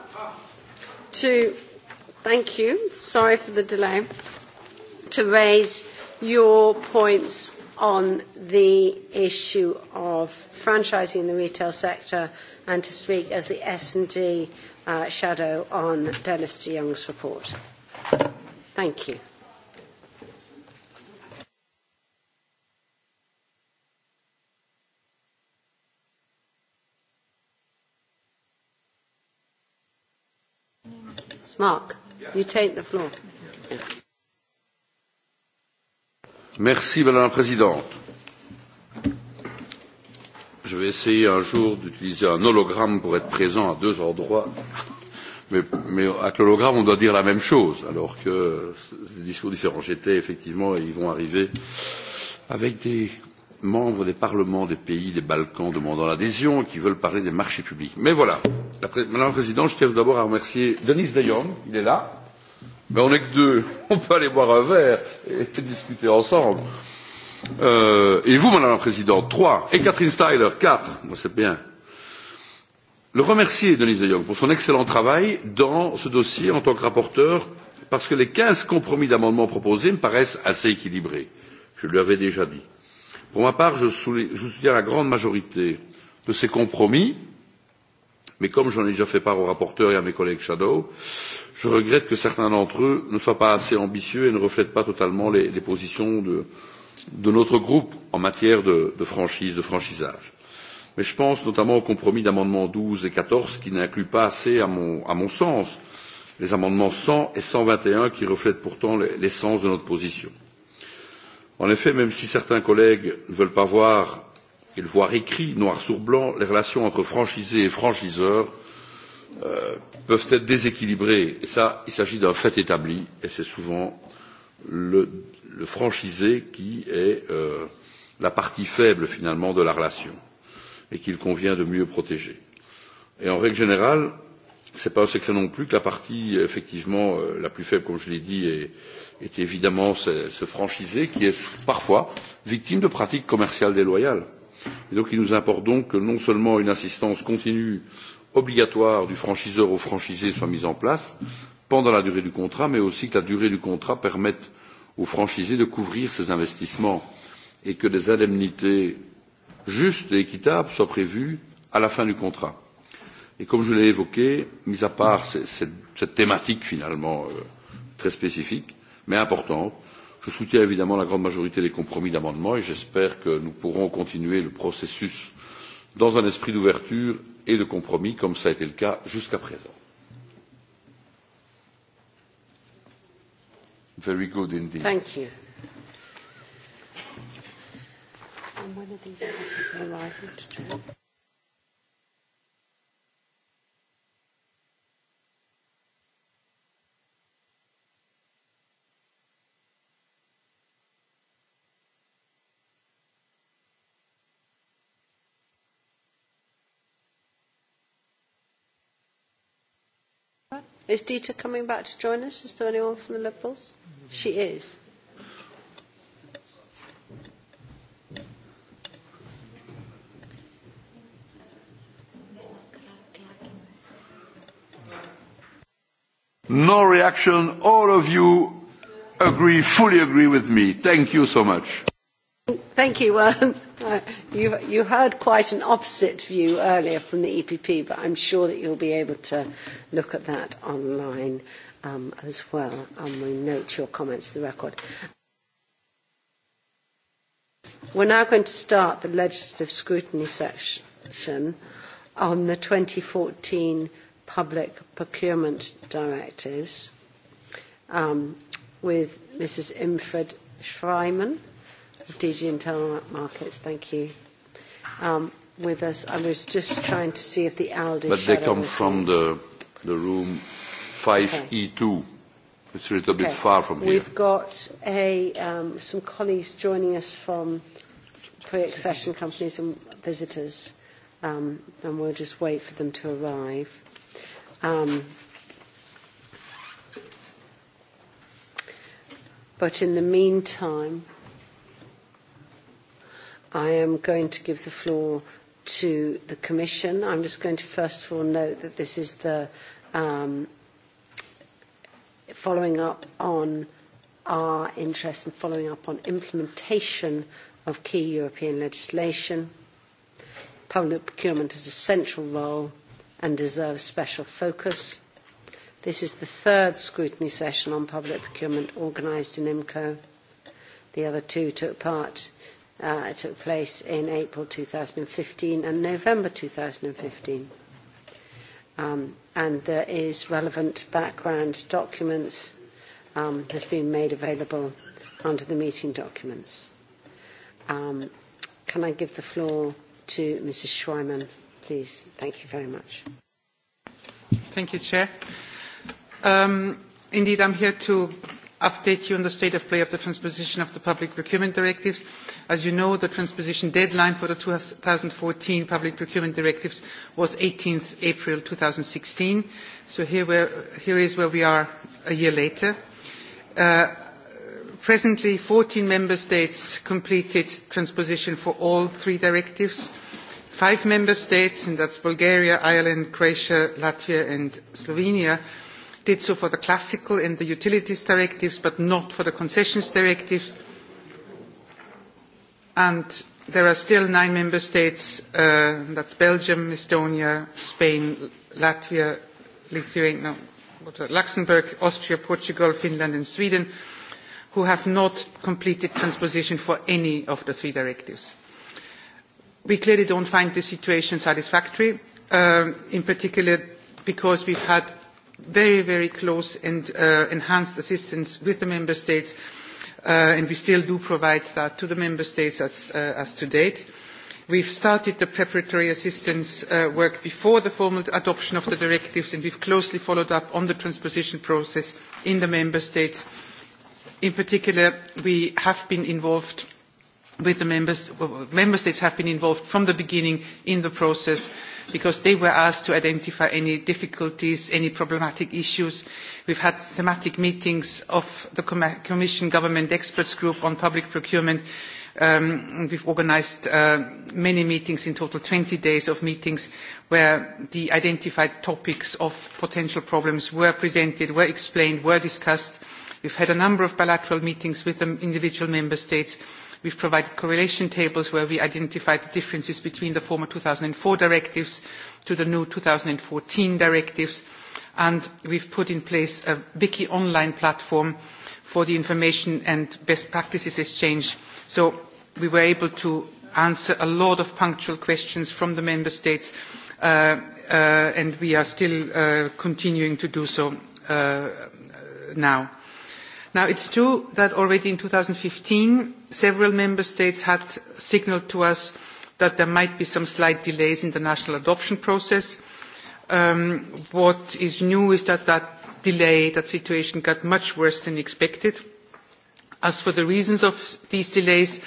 to, thank you, sorry for the delay, to raise your points on the issue of franchising in the retail sector and to speak as the S&D uh, shadow on Dennis de Young's report. Thank you. Mark, you take the floor. Merci, Madame la Présidente. Je vais essayer un jour d'utiliser un hologramme pour être présent à deux endroits. Mais, mais avec l'hologramme, on doit dire la même chose, alors que c'est des discours différents. J'étais effectivement, et ils vont arriver avec des membres des parlements des pays des Balkans demandant l'adhésion et qui veulent parler des marchés publics. Mais voilà, Madame la Présidente, je tiens d'abord à remercier Denis De Jong, il est là, mais on n'est que deux, on peut aller boire un verre et discuter ensemble. Euh, et vous, Madame la Présidente, trois, et Catherine Styler, quatre, moi c'est bien. Le remercier, Denis De Jong, pour son excellent travail dans ce dossier en tant que rapporteur, parce que les quinze compromis d'amendements proposés me paraissent assez équilibrés. Je lui avais déjà dit. Euh, Pour ma part, je soutiens la grande majorité de ces compromis, mais comme j'en ai déjà fait part au rapporteur et à mes collègues shadow, je regrette que certains d'entre eux ne soient pas assez ambitieux et ne reflètent pas totalement les, les positions de, de notre groupe en matière de, de franchise, de franchisage. Mais je pense notamment aux compromis d'amendements 12 et 14 qui n'incluent pas assez, à mon, à mon sens, les amendements 100 et 121 qui reflètent pourtant l'essence de notre position. Euh, En effet, même si certains collègues ne veulent pas voir et le voir écrit, noir sur blanc, les relations entre franchisés et franchiseurs euh, peuvent être déséquilibrées. Et ça, il s'agit d'un fait établi, et c'est souvent le, le franchisé qui est euh, la partie faible finalement de la relation, et qu'il convient de mieux protéger. Et en règle générale, n'est pas un secret non plus que la partie effectivement euh, la plus faible, comme je l'ai dit, est, est évidemment ce, ce franchisé qui est parfois victime de pratiques commerciales déloyales. Et donc il nous importe donc que non seulement une assistance continue obligatoire du franchiseur au franchisé soit mise en place pendant la durée du contrat, mais aussi que la durée du contrat permette au franchisé de couvrir ses investissements et que des indemnités justes et équitables soient prévues à la fin du contrat Et comme je l'ai évoqué, mis à part ces, ces, cette thématique finalement euh, très spécifique, mais importante, je soutiens évidemment la grande majorité des compromis d'amendements et j'espère que nous pourrons continuer le processus dans un esprit d'ouverture et de compromis comme cela a été le cas jusqu'à présent. Very good indeed. Thank you. And when are these arriving today? Labour? Is Dita coming back to join us? Is there anyone from the Liberals? She is. No reaction. All of you agree, fully agree with me. Thank you so much. Thank you. Uh, you, you heard quite an opposite view earlier from the EPP, but I'm sure that you'll be able to look at that online um, as well, and we note your comments to the record. We're now going to start the legislative scrutiny section on the 2014 public procurement directives um, with Mrs. Imfred Schreiman DG Internal Markets. Thank you. Um, with us, I was just trying to see if the ALDE. But they come from here. the the room 5E2. Okay. E It's a little okay. bit far from We've here. We've got a um, some colleagues joining us from pre-accession companies and visitors, um, and we'll just wait for them to arrive. Um, but in the meantime. I am going to give the floor to the Commission. I'm just going to first of all note that this is the um, following up on our interest and in following up on implementation of key European legislation. Public procurement has a central role and deserves special focus. This is the third scrutiny session on public procurement organised in IMCO. The other two took part Uh, it took place in April 2015 and November 2015. Um, and there is relevant background documents um, has been made available under the meeting documents. Um, can I give the floor to Mrs. Schweiman, please? Thank you very much. Thank you, Chair. Um, indeed, I'm here to update you on the state of play of the transposition of the public procurement directives. As you know, the transposition deadline for the 2014 public procurement directives was 18th April 2016. So here, we're, here is where we are a year later. Uh, presently, 14 member states completed transposition for all three directives. Five member states, and that's Bulgaria, Ireland, Croatia, Latvia, and Slovenia, did so for the classical and the utilities directives, but not for the concessions directives. And there are still nine member states, uh, that's Belgium, Estonia, Spain, Latvia, Lithuania, no, uh, Luxembourg, Austria, Portugal, Finland and Sweden, who have not completed transposition for any of the three directives. We clearly don't find the situation satisfactory, um, in particular because we've had very, very close and uh, enhanced assistance with the member states, uh, and we still do provide that to the member states as, uh, as to date. We've started the preparatory assistance uh, work before the formal adoption of the directives, and we've closely followed up on the transposition process in the member states. In particular, we have been involved with the members, member states have been involved from the beginning in the process because they were asked to identify any difficulties, any problematic issues. We've had thematic meetings of the Commission Government Experts Group on Public Procurement. Um, we've organized uh, many meetings, in total 20 days of meetings, where the identified topics of potential problems were presented, were explained, were discussed. We've had a number of bilateral meetings with the individual member states. Uh, We've provided correlation tables where we identified the differences between the former 2004 directives to the new 2014 directives. And we've put in place a wiki online platform for the information and best practices exchange. So we were able to answer a lot of punctual questions from the member states uh, uh, and we are still uh, continuing to do so uh, now. Now it's true that already in 2015 several member states had signalled to us that there might be some slight delays in the national adoption process. Um, what is new is that that delay, that situation got much worse than expected. As for the reasons of these delays,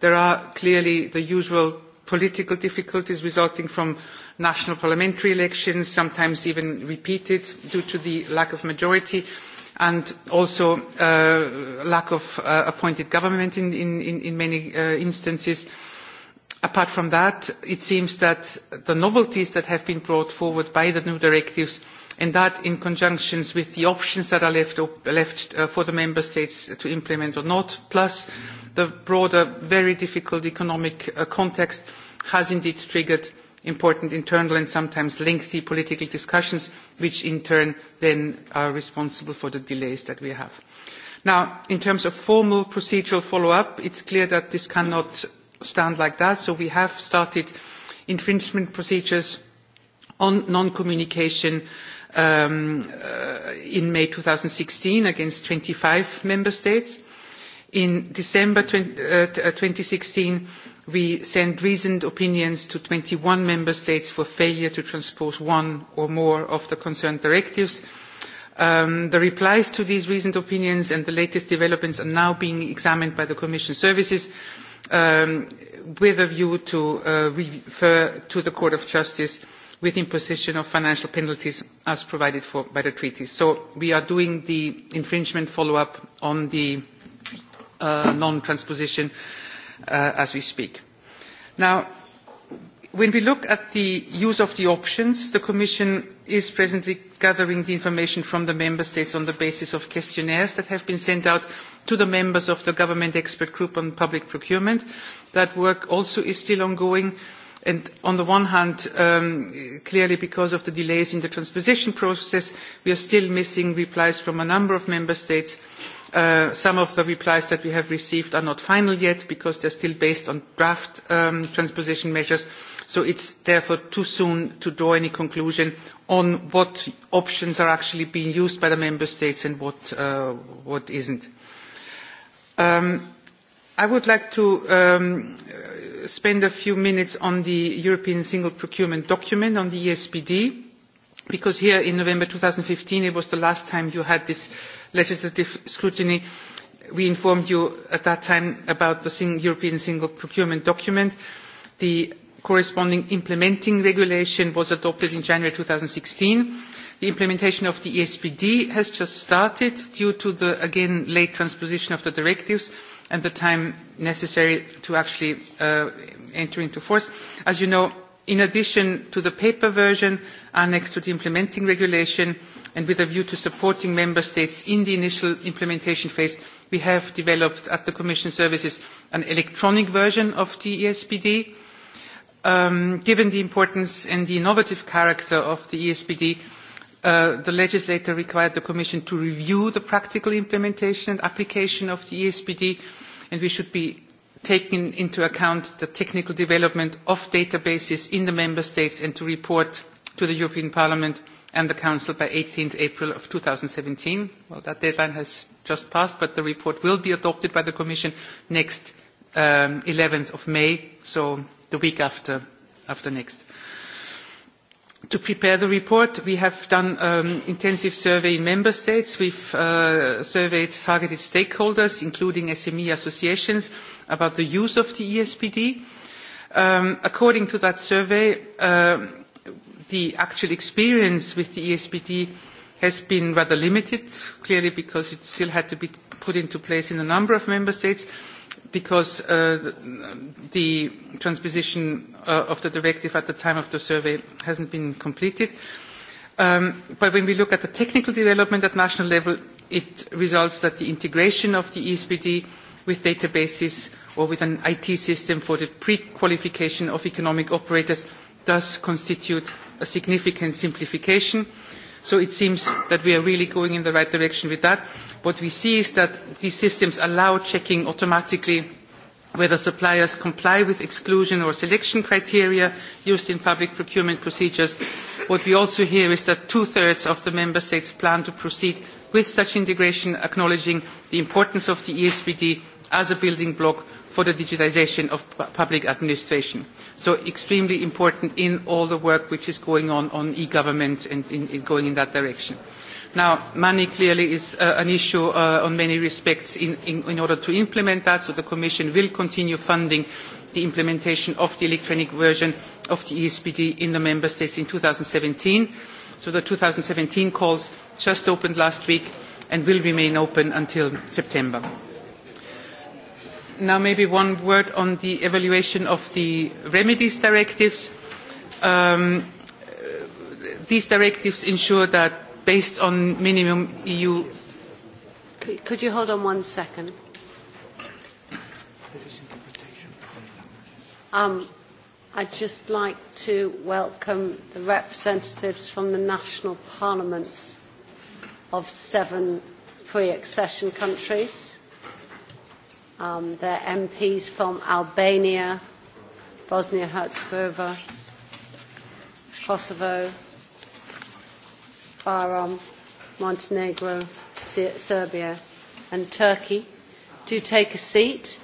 there are clearly the usual political difficulties resulting from national parliamentary elections, sometimes even repeated due to the lack of majority. Uh, and also uh, lack of uh, appointed government in, in, in many uh, instances. Apart from that, it seems that the novelties that have been brought forward by the new directives and that in conjunction with the options that are left, left uh, for the member states to implement or not, plus the broader, very difficult economic uh, context has indeed triggered important internal and sometimes lengthy political discussions, which in turn then are responsible for the delays that we have. Now, in terms of formal procedural follow-up, it's clear that this cannot stand like that, so we have started infringement procedures on non-communication um, uh, in May 2016 against 25 member states. In December 20, uh, 2016, uh, we send reasoned opinions to 21 member states for failure to transpose one or more of the concerned directives. Um, the replies to these reasoned opinions and the latest developments are now being examined by the Commission services um, with a view to uh, refer to the Court of Justice with imposition of financial penalties as provided for by the treaties. So we are doing the infringement follow-up on the uh, non-transposition uh, uh, as we speak. Now, when we look at the use of the options, the Commission is presently gathering the information from the Member States on the basis of questionnaires that have been sent out to the members of the Government Expert Group on Public Procurement. That work also is still ongoing. And on the one hand, um, clearly because of the delays in the transposition process, we are still missing replies from a number of member states Uh, some of the replies that we have received are not final yet because they're still based on draft um, transposition measures. So it's therefore too soon to draw any conclusion on what options are actually being used by the member states and what, uh, what isn't. Um, I would like to um, spend a few minutes on the European Single Procurement Document, on the ESPD, because here in November 2015 it was the last time you had this uh, legislative scrutiny. We informed you at that time about the sing European Single Procurement Document. The corresponding implementing regulation was adopted in January 2016. The implementation of the ESPD has just started due to the, again, late transposition of the directives and the time necessary to actually uh, enter into force. As you know, in addition to the paper version annexed to the implementing regulation, uh, and with a view to supporting member states in the initial implementation phase, we have developed at the Commission Services an electronic version of the ESPD. Um, given the importance and the innovative character of the ESPD, uh, the legislator required the Commission to review the practical implementation and application of the ESPD, and we should be taking into account the technical development of databases in the Member States and to report to the European Parliament uh, and the Council by 18th April of 2017. Well, that deadline has just passed, but the report will be adopted by the Commission next um, 11th of May, so the week after, after next. To prepare the report, we have done um, intensive survey in member states. We've uh, surveyed targeted stakeholders, including SME associations, about the use of the ESPD. Um, according to that survey, um, the actual experience with the ESPD has been rather limited, clearly because it still had to be put into place in a number of member states, because uh, the transposition uh, of the directive at the time of the survey hasn't been completed. Um, but when we look at the technical development at national level, it results that the integration of the ESPD with databases or with an IT system for the pre-qualification of economic operators does constitute a significant simplification. So it seems that we are really going in the right direction with that. What we see is that these systems allow checking automatically whether suppliers comply with exclusion or selection criteria used in public procurement procedures. What we also hear is that two-thirds of the Member States plan to proceed with such integration, acknowledging the importance of the ESPD as a building block for the digitization of public administration. So extremely important in all the work which is going on on e-government and in, in going in that direction. Now, money clearly is uh, an issue uh, on many respects in, in, in order to implement that, so the Commission will continue funding the implementation of the electronic version of the ESPD in the Member States in 2017. So the 2017 calls just opened last week and will remain open until September. Now maybe one word on the evaluation of the remedies directives. Um, these directives ensure that based on minimum EU... Could, could you hold on one second? Um, I'd just like to welcome the representatives from the national parliaments of seven pre-accession countries Um, they're MPs from Albania, Bosnia Herzegovina, Kosovo, Bahrain, Montenegro, Se- Serbia, and Turkey. Do take a seat.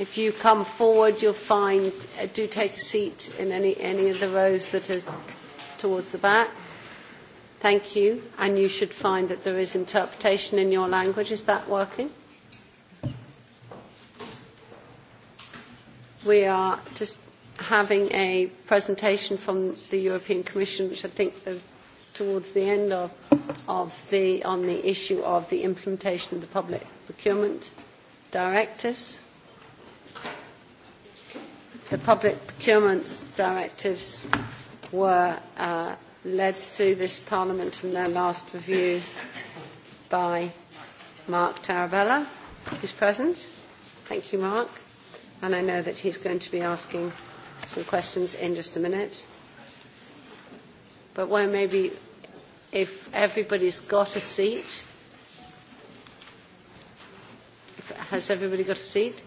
If you come forward, you'll find, uh, do take a seat in any, any of the rows that are towards the back. Thank you. And you should find that there is interpretation in your language. Is that working? we are just having a presentation from the European Commission, which I think the, towards the end of, of the, on the issue of the implementation of the public procurement directives. The public procurement directives were uh, led through this Parliament in their last review by Mark Tarabella, who's present. Thank you, Mark and I know that he's going to be asking some questions in just a minute. But well, maybe if everybody's got a seat, has everybody got a seat?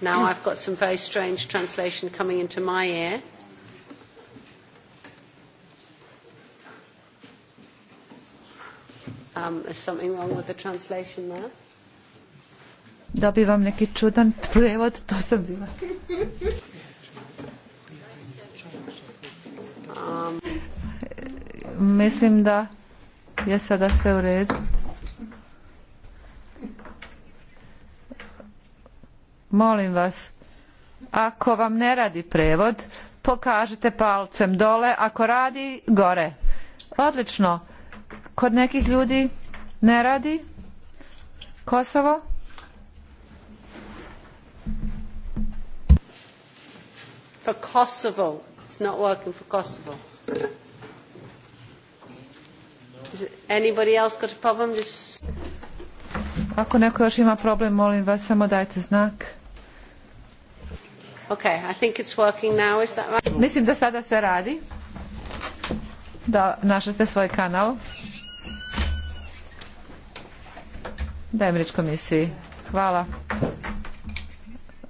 Now I've got some very strange translation coming into my ear. Um, there's something wrong with the translation there dobivam neki čudan prevod, to sam bila. Mislim da je sada sve u redu. Molim vas, ako vam ne radi prevod, pokažite palcem dole, ako radi, gore. Odlično. Kod nekih ljudi ne radi. Kosovo? for Kosovo. It's not working for Kosovo. Is anybody else got a problem? Just... Ako neko još ima problem, molim vas, samo dajte znak. Okay, I think it's working now. Is that right? Mislim da sada se radi. Da, našli ste svoj kanal. Dajem riječ komisiji. Hvala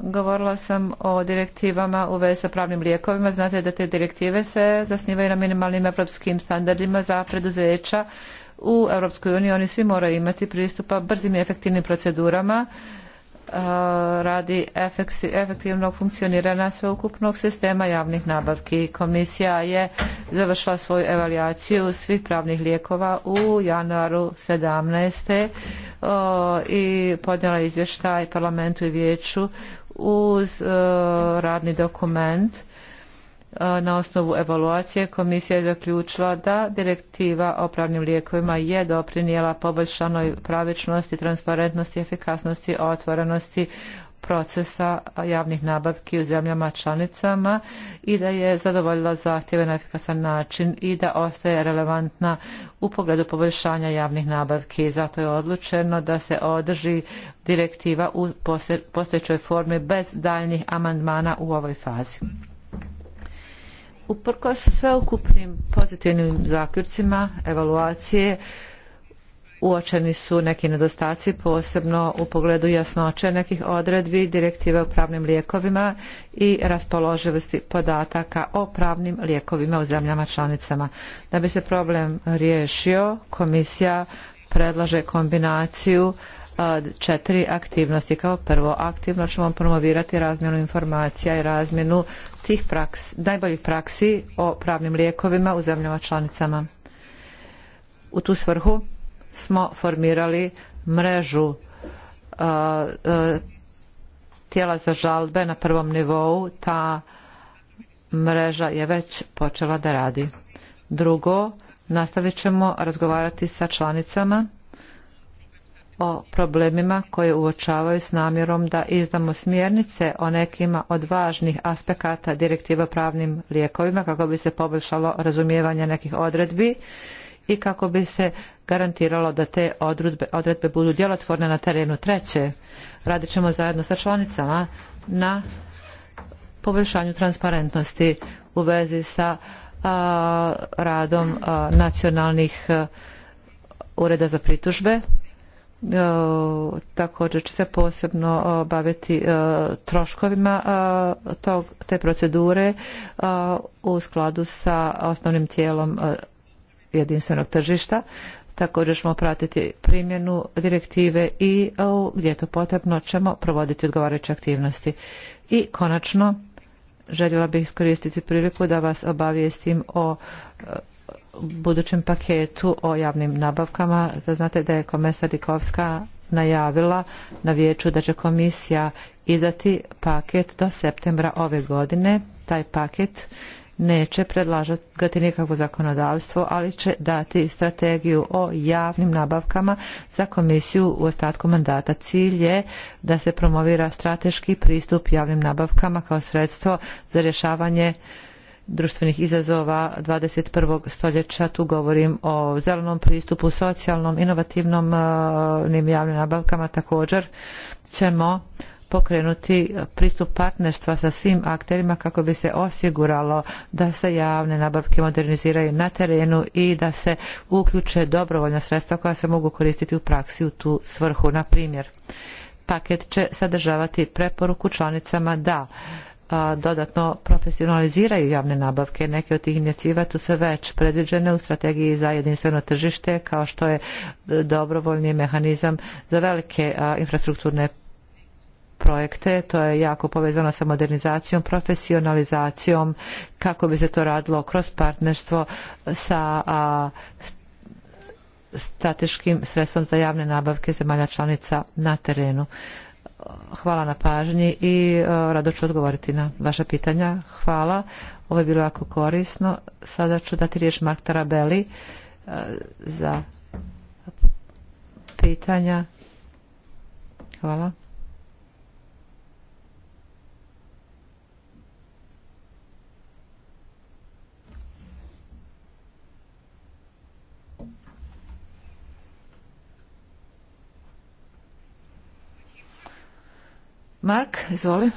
govorila sam o direktivama u vezi sa pravnim lijekovima. Znate da te direktive se zasnivaju na minimalnim europskim standardima za preduzeća u Europskoj uniji. Oni svi moraju imati pristupa brzim i efektivnim procedurama radi efektivnog funkcioniranja sveukupnog sistema javnih nabavki. Komisija je završila svoju evaluaciju svih pravnih lijekova u januaru 17. i podnijela izvještaj parlamentu i vijeću uz e, radni dokument e, na osnovu evaluacije komisija je zaključila da direktiva o pravnim lijekovima je doprinijela poboljšanoj pravičnosti, transparentnosti, efikasnosti, otvorenosti procesa javnih nabavki u zemljama članicama i da je zadovoljila zahtjeve na efikasan način i da ostaje relevantna u pogledu poboljšanja javnih nabavki. Zato je odlučeno da se održi direktiva u postojećoj formi bez daljnjih amandmana u ovoj fazi. Uprkos sveukupnim pozitivnim zaključcima evaluacije, uočeni su neki nedostaci, posebno u pogledu jasnoće nekih odredbi, direktive o pravnim lijekovima i raspoloživosti podataka o pravnim lijekovima u zemljama članicama. Da bi se problem riješio, komisija predlaže kombinaciju četiri aktivnosti. Kao prvo, aktivno ćemo promovirati razmjenu informacija i razmjenu tih praks, najboljih praksi o pravnim lijekovima u zemljama članicama. U tu svrhu smo formirali mrežu uh, uh, tijela za žalbe na prvom nivou. Ta mreža je već počela da radi. Drugo, nastavit ćemo razgovarati sa članicama o problemima koje uočavaju s namjerom da izdamo smjernice o nekima od važnih aspekata direktiva pravnim lijekovima kako bi se poboljšalo razumijevanje nekih odredbi i kako bi se garantiralo da te odredbe, odredbe budu djelotvorne na terenu. Treće, radit ćemo zajedno sa članicama na poboljšanju transparentnosti u vezi sa a, radom a, nacionalnih a, ureda za pritužbe. E, također će se posebno baviti e, troškovima tog, te procedure u skladu sa osnovnim tijelom jedinstvenog tržišta. Također ćemo pratiti primjenu direktive i e gdje je to potrebno ćemo provoditi odgovarajuće aktivnosti. I konačno, željela bih iskoristiti priliku da vas obavijestim o e, budućem paketu o javnim nabavkama. Da znate da je komesar Dikovska najavila na vijeću da će komisija izdati paket do septembra ove godine. Taj paket neće predlagati nikakvo zakonodavstvo, ali će dati strategiju o javnim nabavkama za komisiju u ostatku mandata. Cilj je da se promovira strateški pristup javnim nabavkama kao sredstvo za rješavanje društvenih izazova 21. stoljeća. Tu govorim o zelenom pristupu, socijalnom, inovativnom eh, javnim nabavkama. Također ćemo pokrenuti pristup partnerstva sa svim akterima kako bi se osiguralo da se javne nabavke moderniziraju na terenu i da se uključe dobrovoljna sredstva koja se mogu koristiti u praksi u tu svrhu. Na primjer, paket će sadržavati preporuku članicama da dodatno profesionaliziraju javne nabavke. Neke od tih inicijativa su već predviđene u strategiji za jedinstveno tržište kao što je e, dobrovoljni mehanizam za velike infrastrukturne projekte, to je jako povezano sa modernizacijom, profesionalizacijom, kako bi se to radilo kroz partnerstvo sa a, strateškim sredstvom za javne nabavke zemalja članica na terenu. Hvala na pažnji i e, rado ću odgovoriti na vaša pitanja. Hvala. Ovo je bilo jako korisno. Sada ću dati riječ Mark Tarabeli e, za pitanja. Hvala. Mark, izvoli.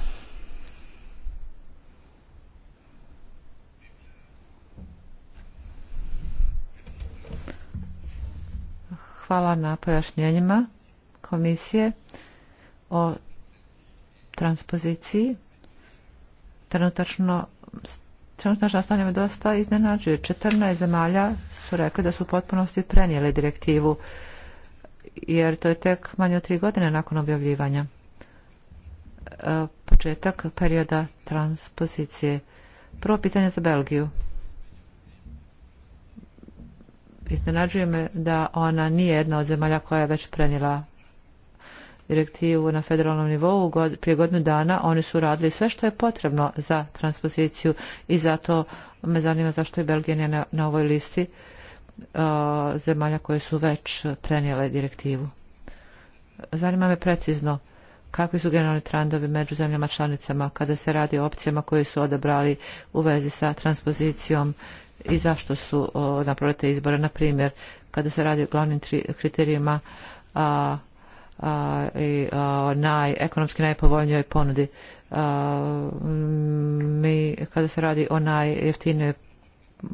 Hvala na pojašnjenjima komisije o transpoziciji. Trenutačno Trenutačno stanje me dosta iznenađuje. 14 zemalja su rekli da su u potpunosti prenijeli direktivu, jer to je tek manje od tri godine nakon objavljivanja. E, početak perioda transpozicije. Prvo pitanje za Belgiju. Iznenađuje me da ona nije jedna od zemalja koja je već prenijela direktivu na federalnom nivou god, prije godinu dana. Oni su radili sve što je potrebno za transpoziciju i zato me zanima zašto je Belgija nije na, na ovoj listi uh, zemalja koje su već prenijele direktivu. Zanima me precizno kakvi su generalni trendovi među zemljama članicama kada se radi o opcijama koje su odabrali u vezi sa transpozicijom i zašto su napravili te izbore. Na primjer, kada se radi o glavnim tri kriterijima a, a, i a, naj, ekonomski najpovoljnijoj ponudi. A, mi, kada se radi o najjeftinijoj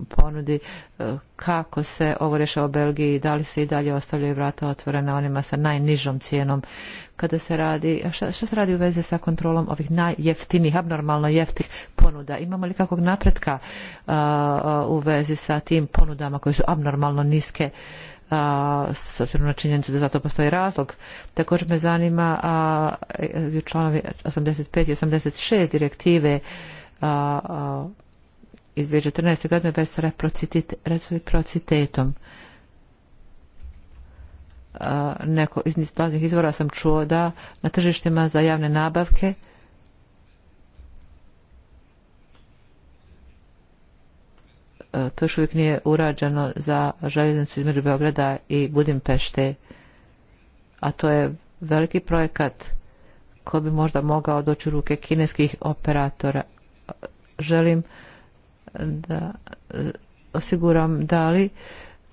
ponudi e, kako se ovo rješava u Belgiji, da li se i dalje ostavljaju vrata otvorena onima sa najnižom cijenom kada se radi, šta, šta se radi u vezi sa kontrolom ovih najjeftinijih, abnormalno jeftih ponuda? Imamo li kakvog napretka a, e, u vezi sa tim ponudama koje su abnormalno niske? a, e, s obzirom na činjenicu da zato postoji razlog. Također me zanima a, članovi 85 i 86 direktive a, a, iz 2014. godine već sa reciprocitetom. A, neko iz raznih izvora sam čuo da na tržištima za javne nabavke a, to još uvijek nije urađeno za željeznicu između Beograda i Budimpešte a to je veliki projekat koji bi možda mogao doći u ruke kineskih operatora želim da osiguram da li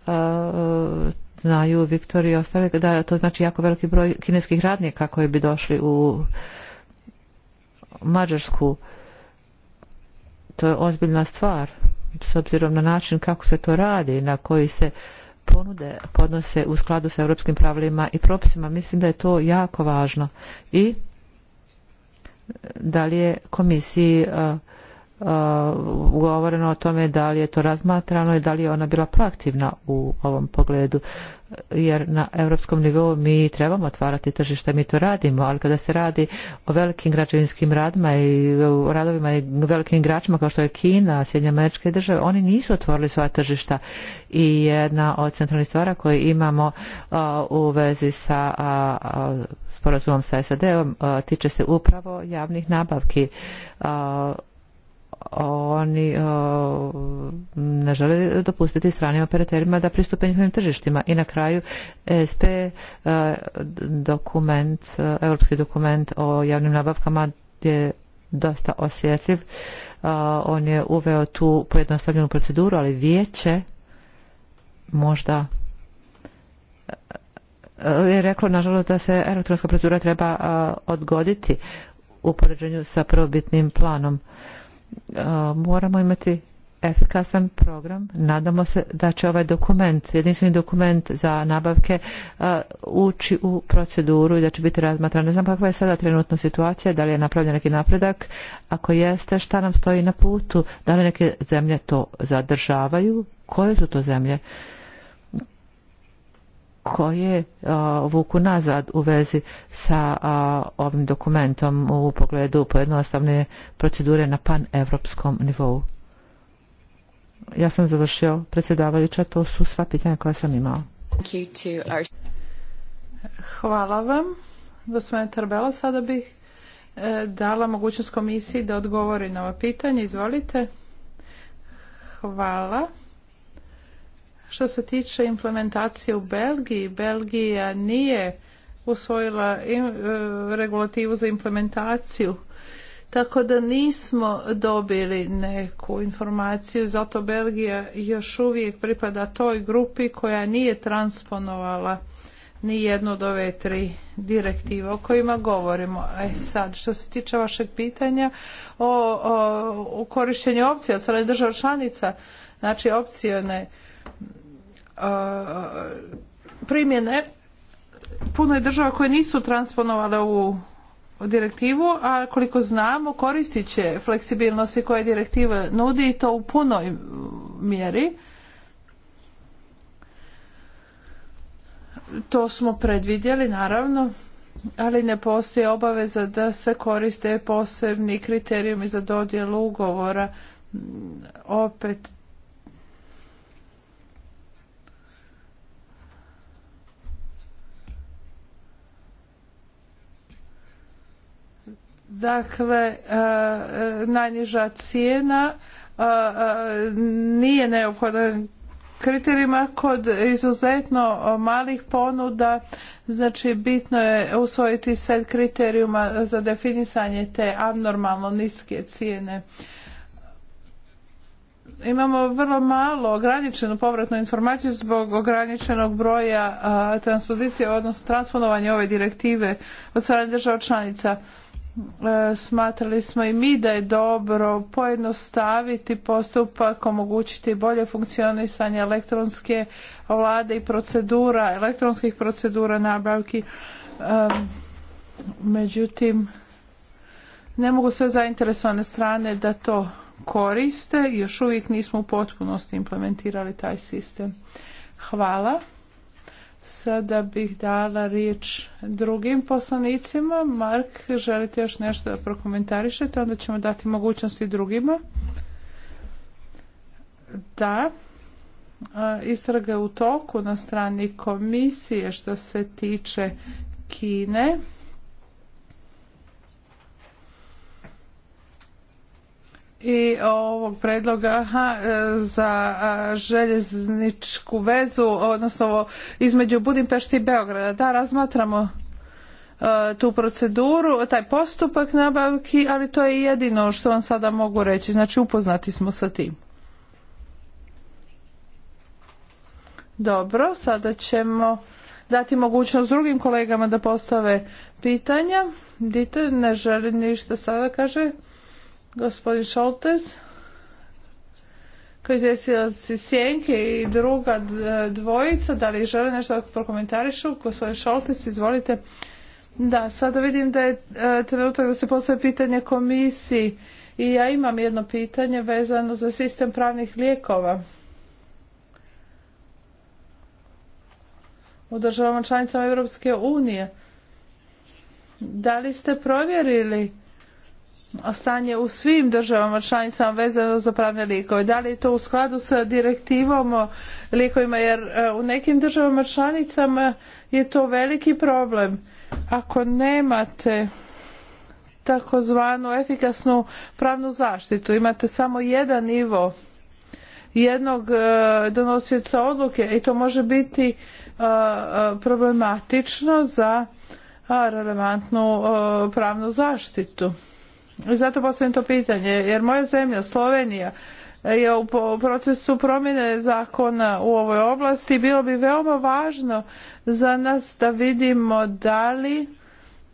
a, e, znaju Viktor i ostale da to znači jako veliki broj kineskih radnika koji bi došli u Mađarsku to je ozbiljna stvar s obzirom na način kako se to radi na koji se ponude podnose u skladu sa europskim pravilima i propisima mislim da je to jako važno i da li je komisiji uh, govoreno o tome da li je to razmatrano i da li je ona bila proaktivna u ovom pogledu jer na europskom nivou mi trebamo otvarati tržište, mi to radimo, ali kada se radi o velikim građevinskim radima i radovima i velikim igračima kao što je Kina, Sjedinje američke države, oni nisu otvorili svoja tržišta i jedna od centralnih stvara koje imamo a, u vezi sa a, a, sporazumom sa SAD-om tiče se upravo javnih nabavki. A, oni o, ne žele dopustiti stranim operaterima da pristupe njihovim tržištima. I na kraju SP e, dokument, europski dokument o javnim nabavkama je dosta osjetljiv. E, on je uveo tu pojednostavljenu proceduru, ali vijeće možda e, je reklo nažalost da se elektronska procedura treba odgoditi u poređenju sa prvobitnim planom. Uh, moramo imati efikasan program. Nadamo se da će ovaj dokument, jedinstveni dokument za nabavke ući u proceduru i da će biti razmatran. Ne znam kakva je sada trenutno situacija, da li je napravljen neki napredak. Ako jeste, šta nam stoji na putu? Da li neke zemlje to zadržavaju? Koje su to zemlje? Uh, koje a, vuku nazad u vezi sa a, ovim dokumentom u pogledu pojednostavne procedure na panevropskom nivou. Ja sam završio predsjedavajuća, to su sva pitanja koja sam imao. Hvala vam, gospodine Tarbela. Sada bih e, dala mogućnost komisiji da odgovori na ova pitanja. Izvolite. Hvala. Što se tiče implementacije u Belgiji, Belgija nije usvojila e, regulativu za implementaciju. Tako da nismo dobili neku informaciju, zato Belgija još uvijek pripada toj grupi koja nije transponovala ni jednu od ove tri direktive o kojima govorimo. E sad, što se tiče vašeg pitanja o, o, o korištenju opcija od strane država članica, znači opcione primjene puno je država koje nisu transponovale u direktivu, a koliko znamo koristit će fleksibilnosti koje direktiva nudi i to u punoj mjeri. To smo predvidjeli naravno, ali ne postoji obaveza da se koriste posebni kriterijumi za dodjelu ugovora. Opet Dakle, e, e, najniža cijena e, nije neophodan kriterijima kod izuzetno malih ponuda, znači bitno je usvojiti set kriterijuma za definisanje te abnormalno niske cijene. Imamo vrlo malo ograničenu povratnu informaciju zbog ograničenog broja a, transpozicije, odnosno transponovanja ove direktive od strane država članica. E, smatrali smo i mi da je dobro pojednostaviti postupak, omogućiti bolje funkcionisanje elektronske vlade i procedura, elektronskih procedura nabavki. E, međutim, ne mogu sve zainteresovane strane da to koriste, još uvijek nismo u potpunosti implementirali taj sistem. Hvala. Sada bih dala riječ drugim poslanicima. Mark, želite još nešto da prokomentarišete? Onda ćemo dati mogućnosti drugima. Da. Istraga je u toku na strani komisije što se tiče Kine. i ovog predloga e, za željezničku vezu, odnosno između Budimpešte i Beograda. Da, razmatramo e, tu proceduru, taj postupak nabavki, ali to je jedino što vam sada mogu reći. Znači upoznati smo sa tim. Dobro, sada ćemo dati mogućnost drugim kolegama da postave pitanja. Dite, ne želi ništa sada, kaže. Gospodin Šoltes koji se sjenke i druga dvojica, da li žele nešto prokomentarišu? Gospodin Šoltes, izvolite. Da, sada vidim da je e, trenutak da se postaje pitanje komisiji i ja imam jedno pitanje vezano za sistem pravnih lijekova. U državama članicama Europske unije. Da li ste provjerili stanje u svim državama članicama vezano za pravne lijekove. Da li je to u skladu sa direktivom o lijekovima jer e, u nekim državama članicama je to veliki problem. Ako nemate takozvanu efikasnu pravnu zaštitu, imate samo jedan nivo jednog e, donosioca odluke i to može biti e, problematično za relevantnu pravnu zaštitu. Zato postavljam to pitanje, jer moja zemlja, Slovenija, je u procesu promjene zakona u ovoj oblasti. Bilo bi veoma važno za nas da vidimo da li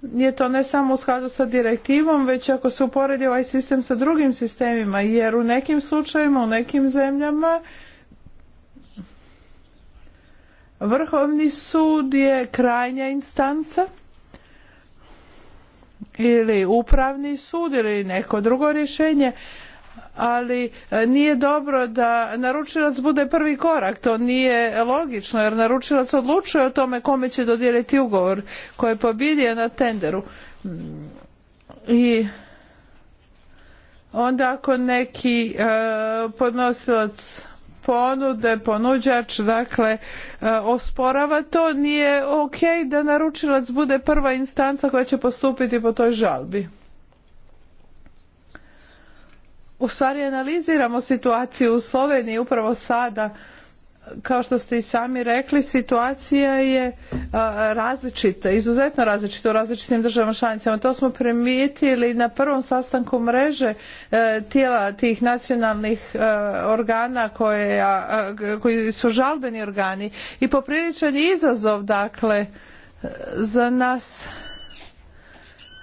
je to ne samo u skladu sa direktivom, već ako se uporedi ovaj sistem sa drugim sistemima, jer u nekim slučajevima, u nekim zemljama Vrhovni sud je krajnja instanca ili upravni sud ili neko drugo rješenje ali e, nije dobro da naručilac bude prvi korak to nije logično jer naručilac odlučuje o tome kome će dodijeliti ugovor koji je pobidio na tenderu i onda ako neki e, podnosilac ponude ponuđač dakle e, osporava to nije ok da naručilac bude prva instanca koja će postupiti po toj žalbi u stvari analiziramo situaciju u Sloveniji upravo sada kao što ste i sami rekli, situacija je a, različita, izuzetno različita u različitim državama članicama. To smo primijetili na prvom sastanku mreže e, tijela tih nacionalnih e, organa koje, a, koji su žalbeni organi i popriličan je izazov dakle za nas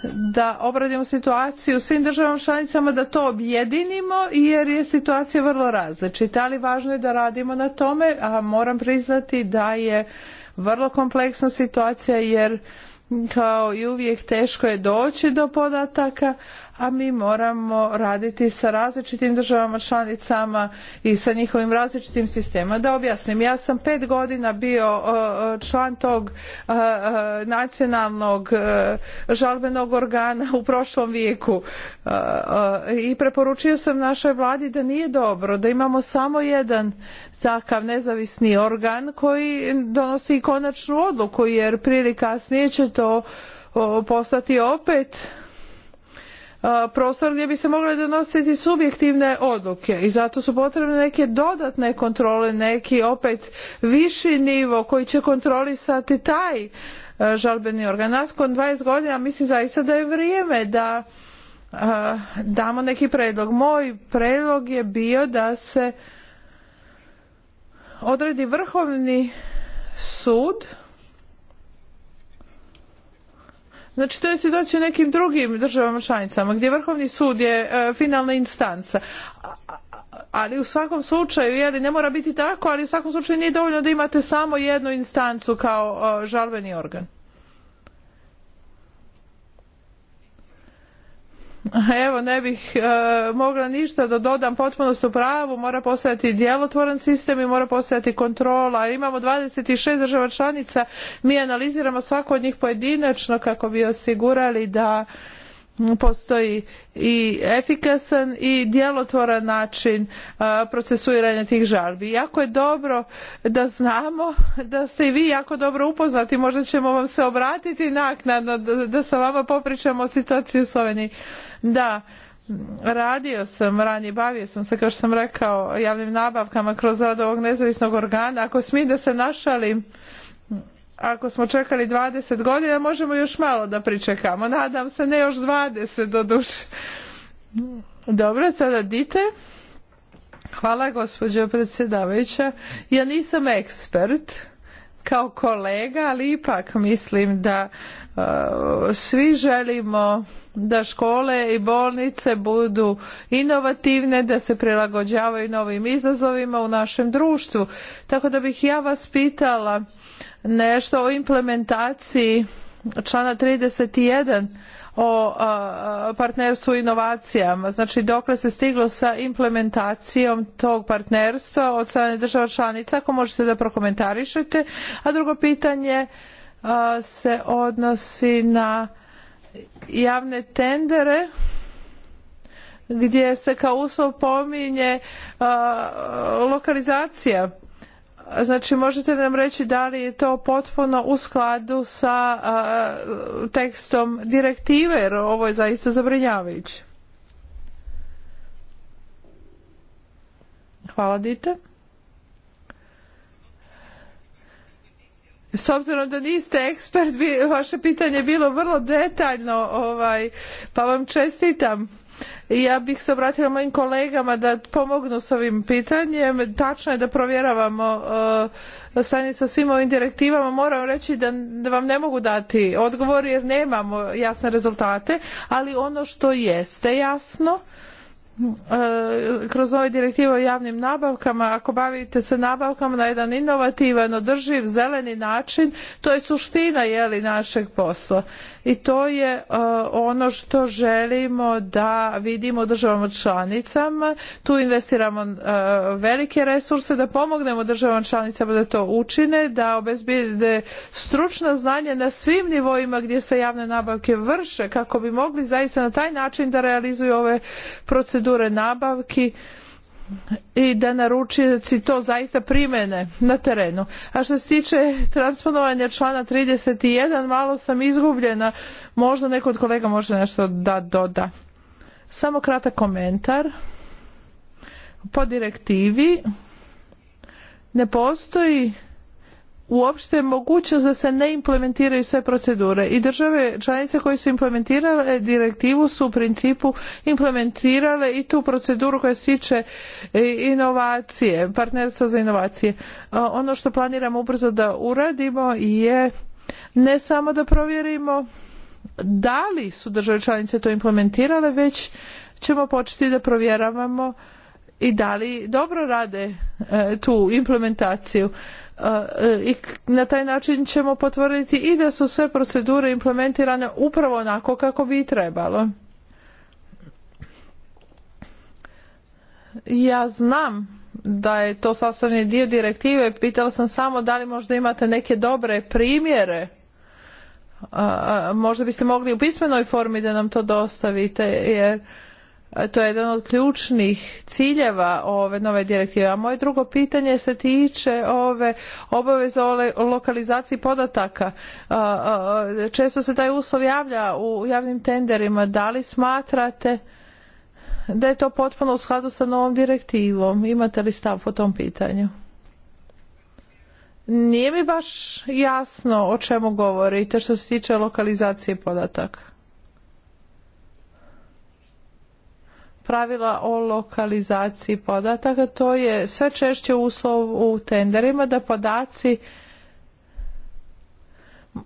da obradimo situaciju u svim državama članicama, da to objedinimo jer je situacija vrlo različita, ali važno je da radimo na tome, a moram priznati da je vrlo kompleksna situacija jer kao i uvijek teško je doći do podataka, a mi moramo raditi sa različitim državama članicama i sa njihovim različitim sistemima. Da objasnim, ja sam pet godina bio uh, uh, član tog uh, nacionalnog žalbenog organa u prošlom vijeku i preporučio sam našoj vladi da nije dobro da imamo samo jedan takav nezavisni organ koji donosi konačnu odluku jer prije kasnije će to postati opet prostor gdje bi se mogle donositi subjektivne odluke i zato su potrebne neke dodatne kontrole, neki opet viši nivo koji će kontrolisati taj e, žalbeni organ. Nakon 20 godina mislim zaista da je vrijeme da damo neki predlog. Moj predlog je bio da se odredi vrhovni sud Znači, to je situacija u nekim drugim državama članicama gdje Vrhovni sud je e, finalna instanca. Ali u svakom slučaju, je li ne mora biti tako, ali u svakom slučaju nije dovoljno da imate samo jednu instancu kao e, žalbeni organ. Evo, ne bih e, mogla ništa da dodam, potpuno su pravu, mora postojati djelotvoran sistem i mora postojati kontrola. Imamo 26 država članica, mi analiziramo svaku od njih pojedinačno kako bi osigurali da postoji i efikasan i djelotvoran način a, e, procesuiranja tih žalbi. Jako je dobro da znamo da ste i vi jako dobro upoznati, možda ćemo vam se obratiti naknadno da, da sa vama popričamo o situaciji u Sloveniji. Da, radio sam, ranije bavio sam se, kao što sam rekao, javnim nabavkama kroz rad ovog nezavisnog organa. Ako smi da se našalim, ako smo čekali 20 godina, možemo još malo da pričekamo. Nadam se, ne još 20 do duše. Dobro, sada dite. Hvala gospođo predsjedavajuća. Ja nisam ekspert kao kolega, ali ipak mislim da uh, svi želimo da škole i bolnice budu inovativne, da se prilagođavaju novim izazovima u našem društvu. Tako da bih ja vas pitala nešto o implementaciji člana 31 o partnerstvu i inovacijama. Znači dokle se stiglo sa implementacijom tog partnerstva od strane država članica, ako možete da prokomentarišete. A drugo pitanje se odnosi na javne tendere gdje se kao uslov pominje lokalizacija Znači, možete nam reći da li je to potpuno u skladu sa a, tekstom direktive, jer ovo je zaista zabrinjavajuće. Hvala, Dite. S obzirom da niste ekspert, vaše pitanje je bilo vrlo detaljno, ovaj, pa vam čestitam. Ja bih se obratila mojim kolegama da pomognu s ovim pitanjem. Tačno je da provjeravamo e, stanje sa svim ovim direktivama. Moram reći da, da vam ne mogu dati odgovor jer nemamo jasne rezultate, ali ono što jeste jasno e, kroz ove direktive o javnim nabavkama, ako bavite se nabavkama na jedan inovativan, održiv, zeleni način, to je suština jeli, našeg posla i to je e, ono što želimo da vidimo u državama članicama. Tu investiramo e, velike resurse da pomognemo državama članicama da to učine, da obezbijede stručna znanja na svim nivoima gdje se javne nabavke vrše kako bi mogli zaista na taj način da realizuju ove procedure nabavki i da naručioci to zaista primene na terenu. A što se tiče transponovanja člana 31, malo sam izgubljena. Možda neko od kolega može nešto da doda. Samo kratak komentar. Po direktivi ne postoji uopšte mogućnost da se ne implementiraju sve procedure i države članice koje su implementirale direktivu su u principu implementirale i tu proceduru koja se tiče e, inovacije, partnerstva za inovacije. E, ono što planiramo ubrzo da uradimo je ne samo da provjerimo da li su države članice to implementirale, već ćemo početi da provjeravamo i da li dobro rade e, tu implementaciju. E, i na taj način ćemo potvrditi i da su sve procedure implementirane upravo onako kako bi i trebalo. Ja znam da je to sastavni dio direktive, pitala sam samo da li možda imate neke dobre primjere. A, možda biste mogli u pismenoj formi da nam to dostavite jer To je jedan od ključnih ciljeva ove nove direktive. A moje drugo pitanje se tiče ove obaveze o lokalizaciji podataka. Često se taj uslov javlja u javnim tenderima. Da li smatrate da je to potpuno u skladu sa novom direktivom? Imate li stav po tom pitanju? Nije mi baš jasno o čemu govorite što se tiče lokalizacije podataka. pravila o lokalizaciji podataka. To je sve češće uslov u tenderima da podaci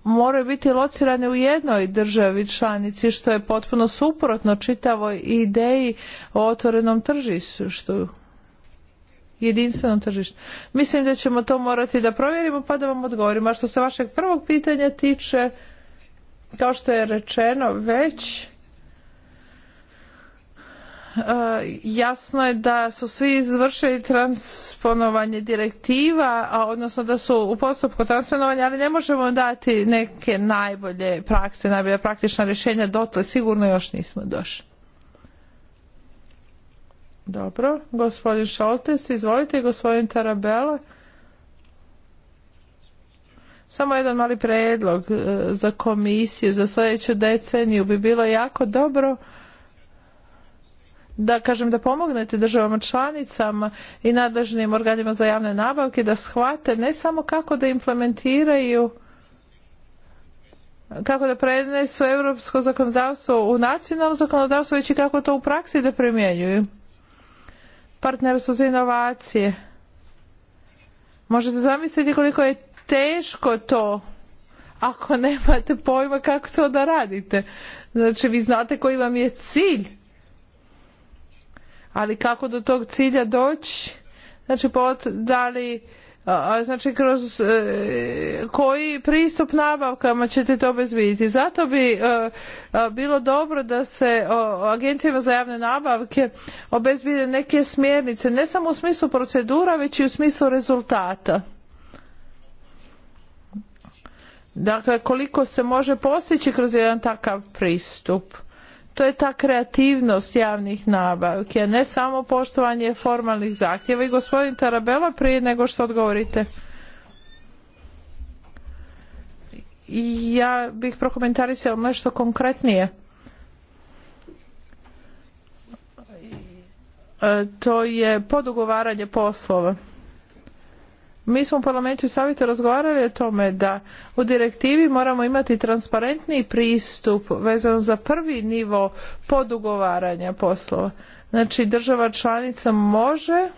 moraju biti locirane u jednoj državi članici što je potpuno suprotno čitavoj ideji o otvorenom tržištu jedinstvenom tržištu. Mislim da ćemo to morati da provjerimo pa da vam odgovorimo. A što se vašeg prvog pitanja tiče, kao što je rečeno već, Eh, jasno je da su svi izvršili transponovanje direktiva, a odnosno da su u postupku transponovanja, ali ne možemo dati neke najbolje prakse, najbolje praktična rješenja, dotle sigurno još nismo došli. Dobro, gospodin Šoltes, izvolite, gospodin Tarabela. Samo jedan mali predlog eh, za komisiju za sljedeću deceniju bi bilo jako dobro da kažem da pomognete državama članicama i nadležnim organima za javne nabavke da shvate ne samo kako da implementiraju kako da prenesu europsko zakonodavstvo u nacionalno zakonodavstvo već i kako to u praksi da primjenjuju partnerstvo za inovacije možete zamisliti koliko je teško to ako nemate pojma kako to da radite znači vi znate koji vam je cilj ali kako do tog cilja doći znači pot, da li a, znači kroz e, koji pristup nabavkama ćete to obezbiditi. Zato bi e, a, e, bilo dobro da se o, agencijama za javne nabavke obezbide neke smjernice, ne samo u smislu procedura, već i u smislu rezultata. Dakle, koliko se može postići kroz jedan takav pristup to je ta kreativnost javnih nabavki, a ne samo poštovanje formalnih zahtjeva. I gospodin Tarabela, prije nego što odgovorite. Ja bih prokomentarisao nešto konkretnije. E, to je podugovaranje poslova. Mi smo u parlamentu i savjetu razgovarali o tome da u direktivi moramo imati transparentni pristup vezano za prvi nivo podugovaranja poslova. Znači država članica može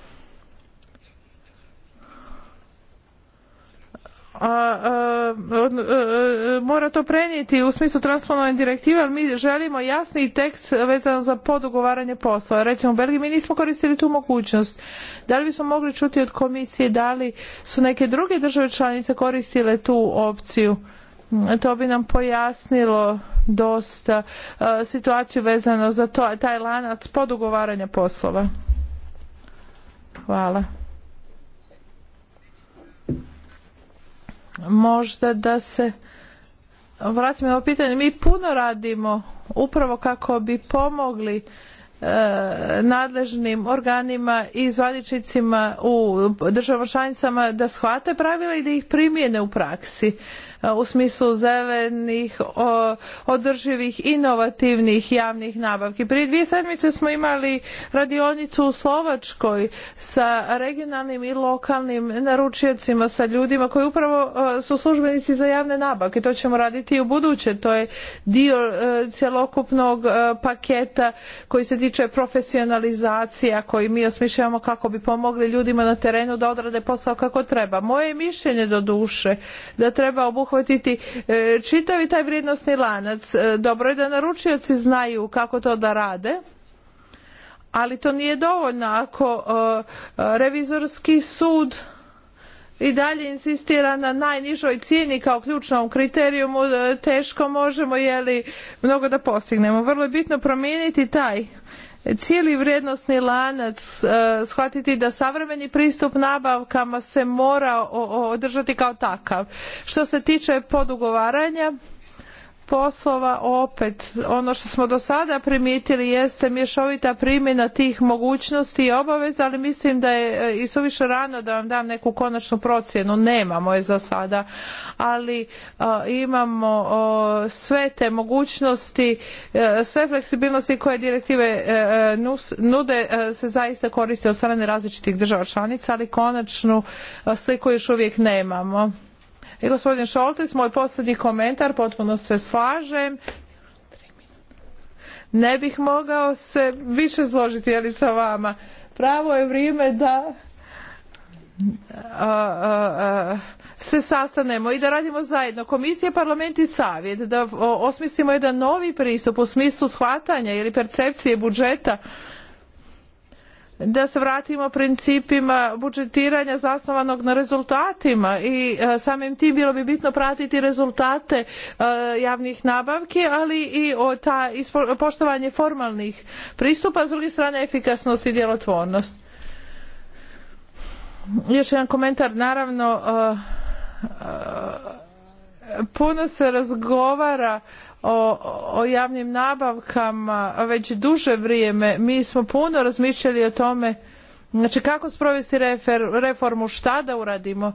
a, a, a, mora to prenijeti u smislu transponovane direktive, ali mi želimo jasni tekst vezan za podugovaranje posla. Recimo u Belgiji mi nismo koristili tu mogućnost. Da li bismo mogli čuti od komisije da li su neke druge države članice koristile tu opciju? To bi nam pojasnilo dosta situaciju vezano za to, taj lanac podugovaranja poslova. Hvala. možda da se vratimo na pitanje. Mi puno radimo upravo kako bi pomogli e, nadležnim organima i zvaničnicima u državama članicama da shvate pravila i da ih primijene u praksi. E, u smislu zelenih, održivih, inovativnih javnih nabavki. Prije dvije sedmice smo imali radionicu u Slovačkoj sa regionalnim i lokalnim naručijacima, sa ljudima koji upravo e, su službenici za javne nabavke. To ćemo raditi i u buduće. To je dio e, cjelokupnog paketa koji se tiče profesionalizacija koji mi osmišljamo kako bi pomogli ljudima na terenu da odrade posao kako treba. Moje mišljenje do duše da treba obuhvatiti obuhvatiti e, čitavi taj vrijednosni lanac. E, dobro je da naručioci znaju kako to da rade, ali to nije dovoljno ako e, revizorski sud i dalje insistira na najnižoj cijeni kao ključnom kriterijumu, teško možemo jeli mnogo da postignemo. Vrlo je bitno promijeniti taj cijeli vrijednosni lanac eh, shvatiti da savremeni pristup nabavkama se mora održati kao takav. Što se tiče podugovaranja, poslova opet ono što smo do sada primijetili jeste mješovita primjena tih mogućnosti i obaveza ali mislim da je e, i suviše rano da vam dam neku konačnu procjenu nemamo je za sada ali a, e, imamo a, sve te mogućnosti a, e, sve fleksibilnosti koje direktive nus, nude se zaista koriste od strane različitih država članica ali konačnu sliku još uvijek nemamo I e, gospodin Šoltis, moj posljednji komentar, potpuno se slažem. Ne bih mogao se više složiti ali sa vama. Pravo je vrijeme da a, a, a, se sastanemo i da radimo zajedno komisija, parlament i savjet, da osmislimo jedan novi pristup u smislu shvatanja ili percepcije budžeta da se vratimo principima budžetiranja zasnovanog na rezultatima i e, samim tim bilo bi bitno pratiti rezultate e, javnih nabavki ali i o ta poštovanje formalnih pristupa s druge strane efikasnost i djelotvornost još jedan komentar naravno e, puno se razgovara o, o javnim nabavkama već duže vrijeme. Mi smo puno razmišljali o tome znači kako sprovesti refer, reformu, šta da uradimo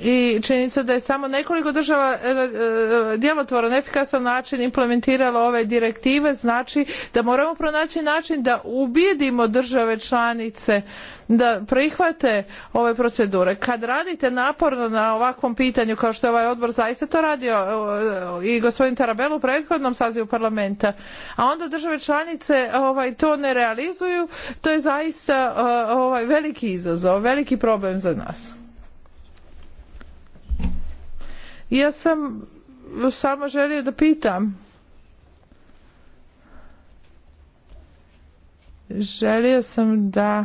i činjenica da je samo nekoliko država e, e, djelotvoran, efikasan način implementiralo ove direktive znači da moramo pronaći način da ubijedimo države članice da prihvate ove procedure. Kad radite naporno na ovakvom pitanju kao što je ovaj odbor zaista to radio e, i gospodin Tarabel u prethodnom sazivu parlamenta, a onda države članice ovaj, to ne realizuju, to je zaista ovaj, veliki izazov, veliki problem za nas. Ja sam samo želio da pitam. Želio sam da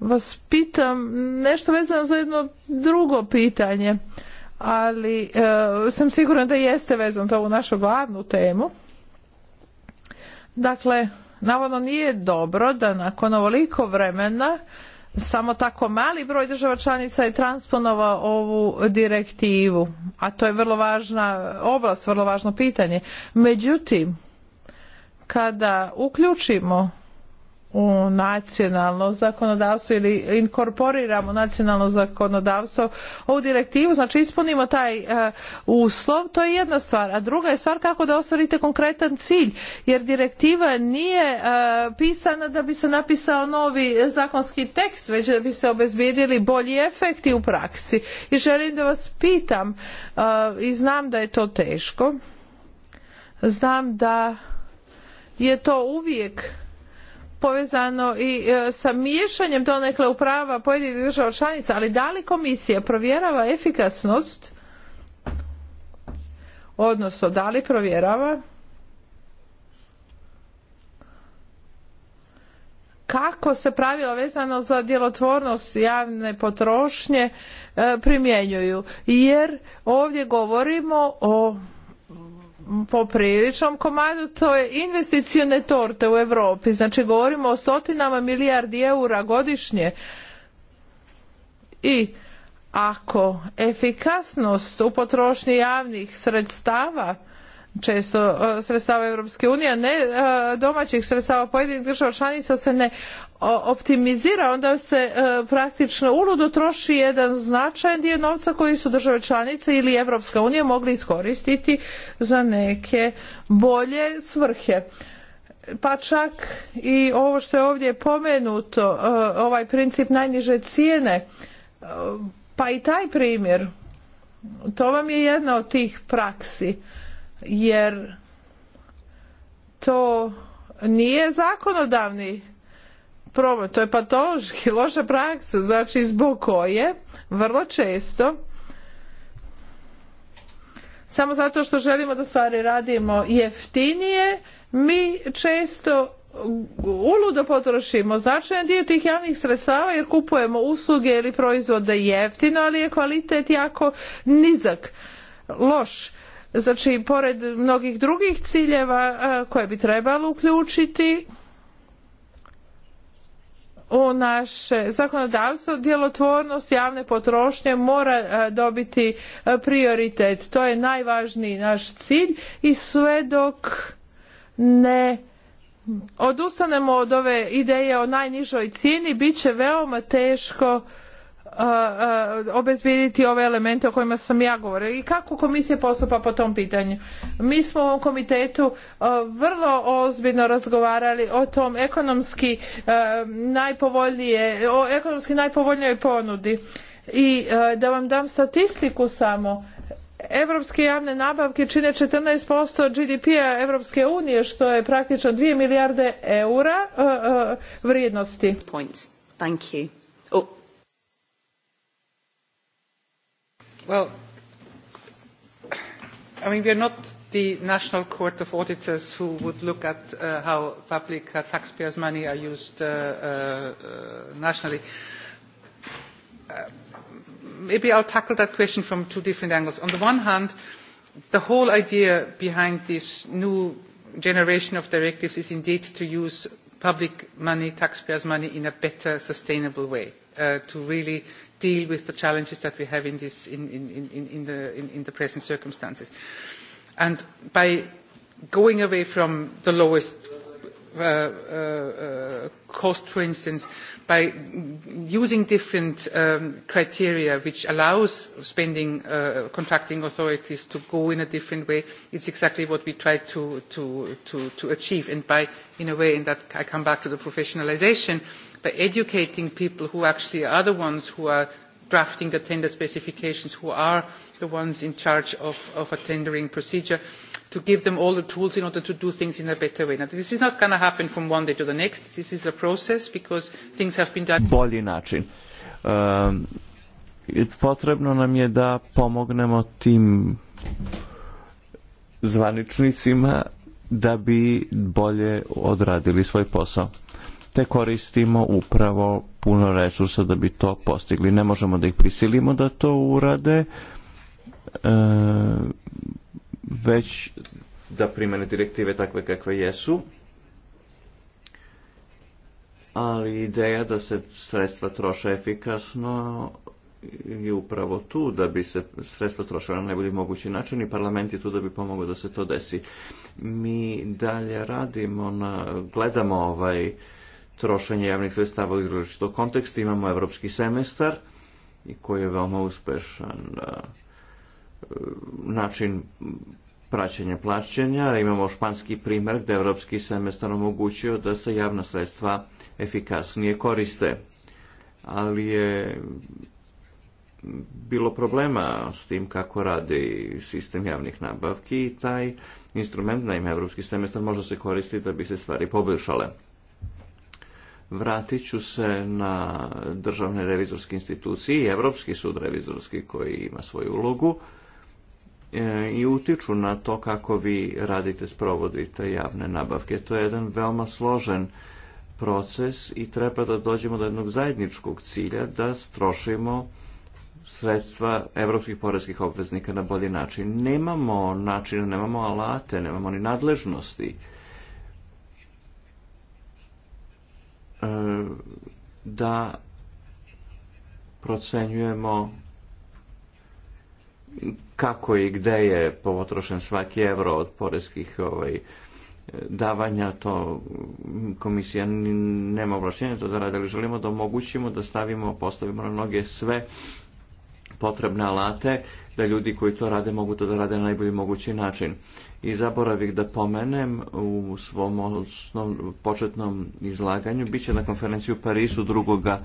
vas pitam nešto vezano za jedno drugo pitanje, ali e, sam sigurna da jeste vezan za ovu našu glavnu temu. Dakle, navodno nije dobro da nakon ovoliko vremena e, samo tako mali broj država članica je transponovao ovu direktivu, a to je vrlo važna oblast, vrlo važno pitanje. Međutim, kada uključimo u nacionalno zakonodavstvo ili inkorporiramo nacionalno zakonodavstvo ovu direktivu, znači ispunimo taj e, uslov, to je jedna stvar. A druga je stvar kako da ostvarite konkretan cilj, jer direktiva nije e, pisana da bi se napisao novi zakonski tekst, već da bi se obezbijedili bolji efekti u praksi. I želim da vas pitam, e, i znam da je to teško, znam da je to uvijek povezano i e, sa miješanjem donekle u prava pojedinih država članica, ali da li komisija provjerava efikasnost, odnosno da li provjerava kako se pravila vezano za djelotvornost javne potrošnje e, primjenjuju jer ovdje govorimo o popriličnom komadu, to je investicione torte u Europi. Znači govorimo o stotinama milijardi eura godišnje. I ako efikasnost u potrošnji javnih sredstava često e, sredstava Europske unije, ne e, domaćih sredstava pojedinih država članica se ne optimizira, onda se e, praktično uludo troši jedan značajan dio novca koji su države članice ili Evropska unija mogli iskoristiti za neke bolje svrhe. Pa čak i ovo što je ovdje pomenuto, e, ovaj princip najniže cijene, e, pa i taj primjer, to vam je jedna od tih praksi, jer to nije zakonodavni problem, to je patološki, loša praksa, znači zbog koje vrlo često samo zato što želimo da stvari radimo jeftinije, mi često uludo potrošimo značajan dio tih javnih sredstava jer kupujemo usluge ili proizvode jeftino, ali je kvalitet jako nizak, loš. Znači, pored mnogih drugih ciljeva koje bi trebalo uključiti, u naše zakonodavstvo djelotvornost javne potrošnje mora e, dobiti e, prioritet. To je najvažniji naš cilj i sve dok ne odustanemo od ove ideje o najnižoj cijeni bit će veoma teško obezbijediti ove elemente o kojima sam ja govorila i kako komisija postupa po tom pitanju. Mi smo u ovom komitetu vrlo ozbiljno razgovarali o tom ekonomski najpovoljnije, o ekonomski najpovoljnijoj ponudi. I da vam dam statistiku samo, Europske javne nabavke čine 14% GDP-a Europske unije, što je praktično 2 milijarde eura vrijednosti. Points. Thank you. Well, I mean, we are not the National Court of Auditors who would look at uh, how public uh, taxpayers' money are used uh, uh, nationally. Uh, maybe I'll tackle that question from two different angles. On the one hand, the whole idea behind this new generation of directives is indeed to use public money, taxpayers' money, in a better, sustainable way uh, to really deal with the challenges that we have in, this, in, in, in, in, the, in, in the present circumstances. And by going away from the lowest uh, uh, uh, cost, for instance, by using different um, criteria which allows spending uh, contracting authorities to go in a different way, it's exactly what we try to, to, to, to achieve. And by, in a way, and that I come back to the professionalization, uh, by educating people who actually are the ones who are drafting the tender specifications, who are the ones in charge of, of a tendering procedure, to give them all the tools in order to do things in a better way. Now, this is not going to happen from one day to the next. This is a process because things have been done. Bolji način. Um, potrebno nam je da pomognemo tim zvaničnicima da bi bolje odradili svoj posao te koristimo upravo puno resursa da bi to postigli. Ne možemo da ih prisilimo da to urade, e, već da primene direktive takve kakve jesu, ali ideja da se sredstva troše efikasno je upravo tu da bi se sredstva trošila na najbolji mogući način i parlament je tu da bi pomogao da se to desi. Mi dalje radimo, na, gledamo ovaj trošenje javnih sredstava u igralištu kontekst. Imamo evropski semestar koji je veoma uspešan e, način praćenja plaćanja. Imamo španski primjer gdje je evropski semestar omogućio da se javna sredstva efikasnije koriste. Ali je bilo problema s tim kako radi sistem javnih nabavki i taj instrument, naime, evropski semestar može se koristiti da bi se stvari poboljšale vratit ću se na državne revizorske institucije i Europski sud revizorski koji ima svoju ulogu e, i utiču na to kako vi radite, sprovodite javne nabavke. To je jedan veoma složen proces i treba da dođemo do jednog zajedničkog cilja da strošimo sredstva evropskih porezkih obveznika na bolji način. Nemamo načina, nemamo alate, nemamo ni nadležnosti E, da procenjujemo kako i gde je potrošen svaki euro od poreskih ovaj, davanja, to komisija nema ovlaštenja to da radi, ali želimo da omogućimo da stavimo, postavimo na noge sve potrebne alate da ljudi koji to rade mogu to da rade na najbolji mogući način. I zaboravih da pomenem u svom osnov, početnom izlaganju, bit će na konferenciji u Parisu 2.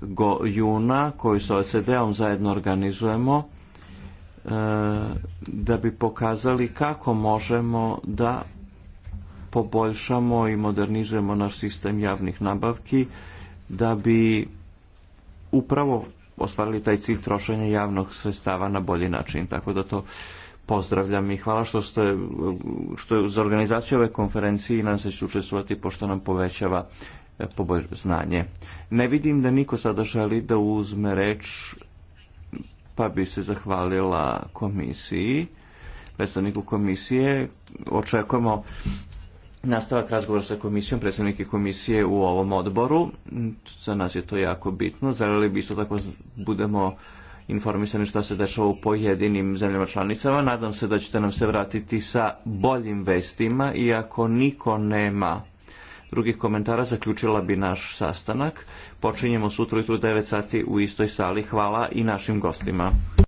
Go, juna koju sa OECD-om zajedno organizujemo e, da bi pokazali kako možemo da poboljšamo i modernizujemo naš sistem javnih nabavki da bi upravo ostvarili taj cilj trošenja javnog sredstava na bolji način. Tako da to pozdravljam i hvala što ste što za organizaciju ove konferencije i nam se će učestvovati pošto nam povećava e, znanje. Ne vidim da niko sada želi da uzme reč pa bi se zahvalila komisiji predstavniku komisije. Očekujemo nastavak razgovora sa komisijom, predsjednik komisije u ovom odboru. Za nas je to jako bitno. Željeli bi isto tako budemo informisani što se dešava u pojedinim zemljama članicama. Nadam se da ćete nam se vratiti sa boljim vestima i ako niko nema drugih komentara zaključila bi naš sastanak. Počinjemo sutra u 9 sati u istoj sali. Hvala i našim gostima.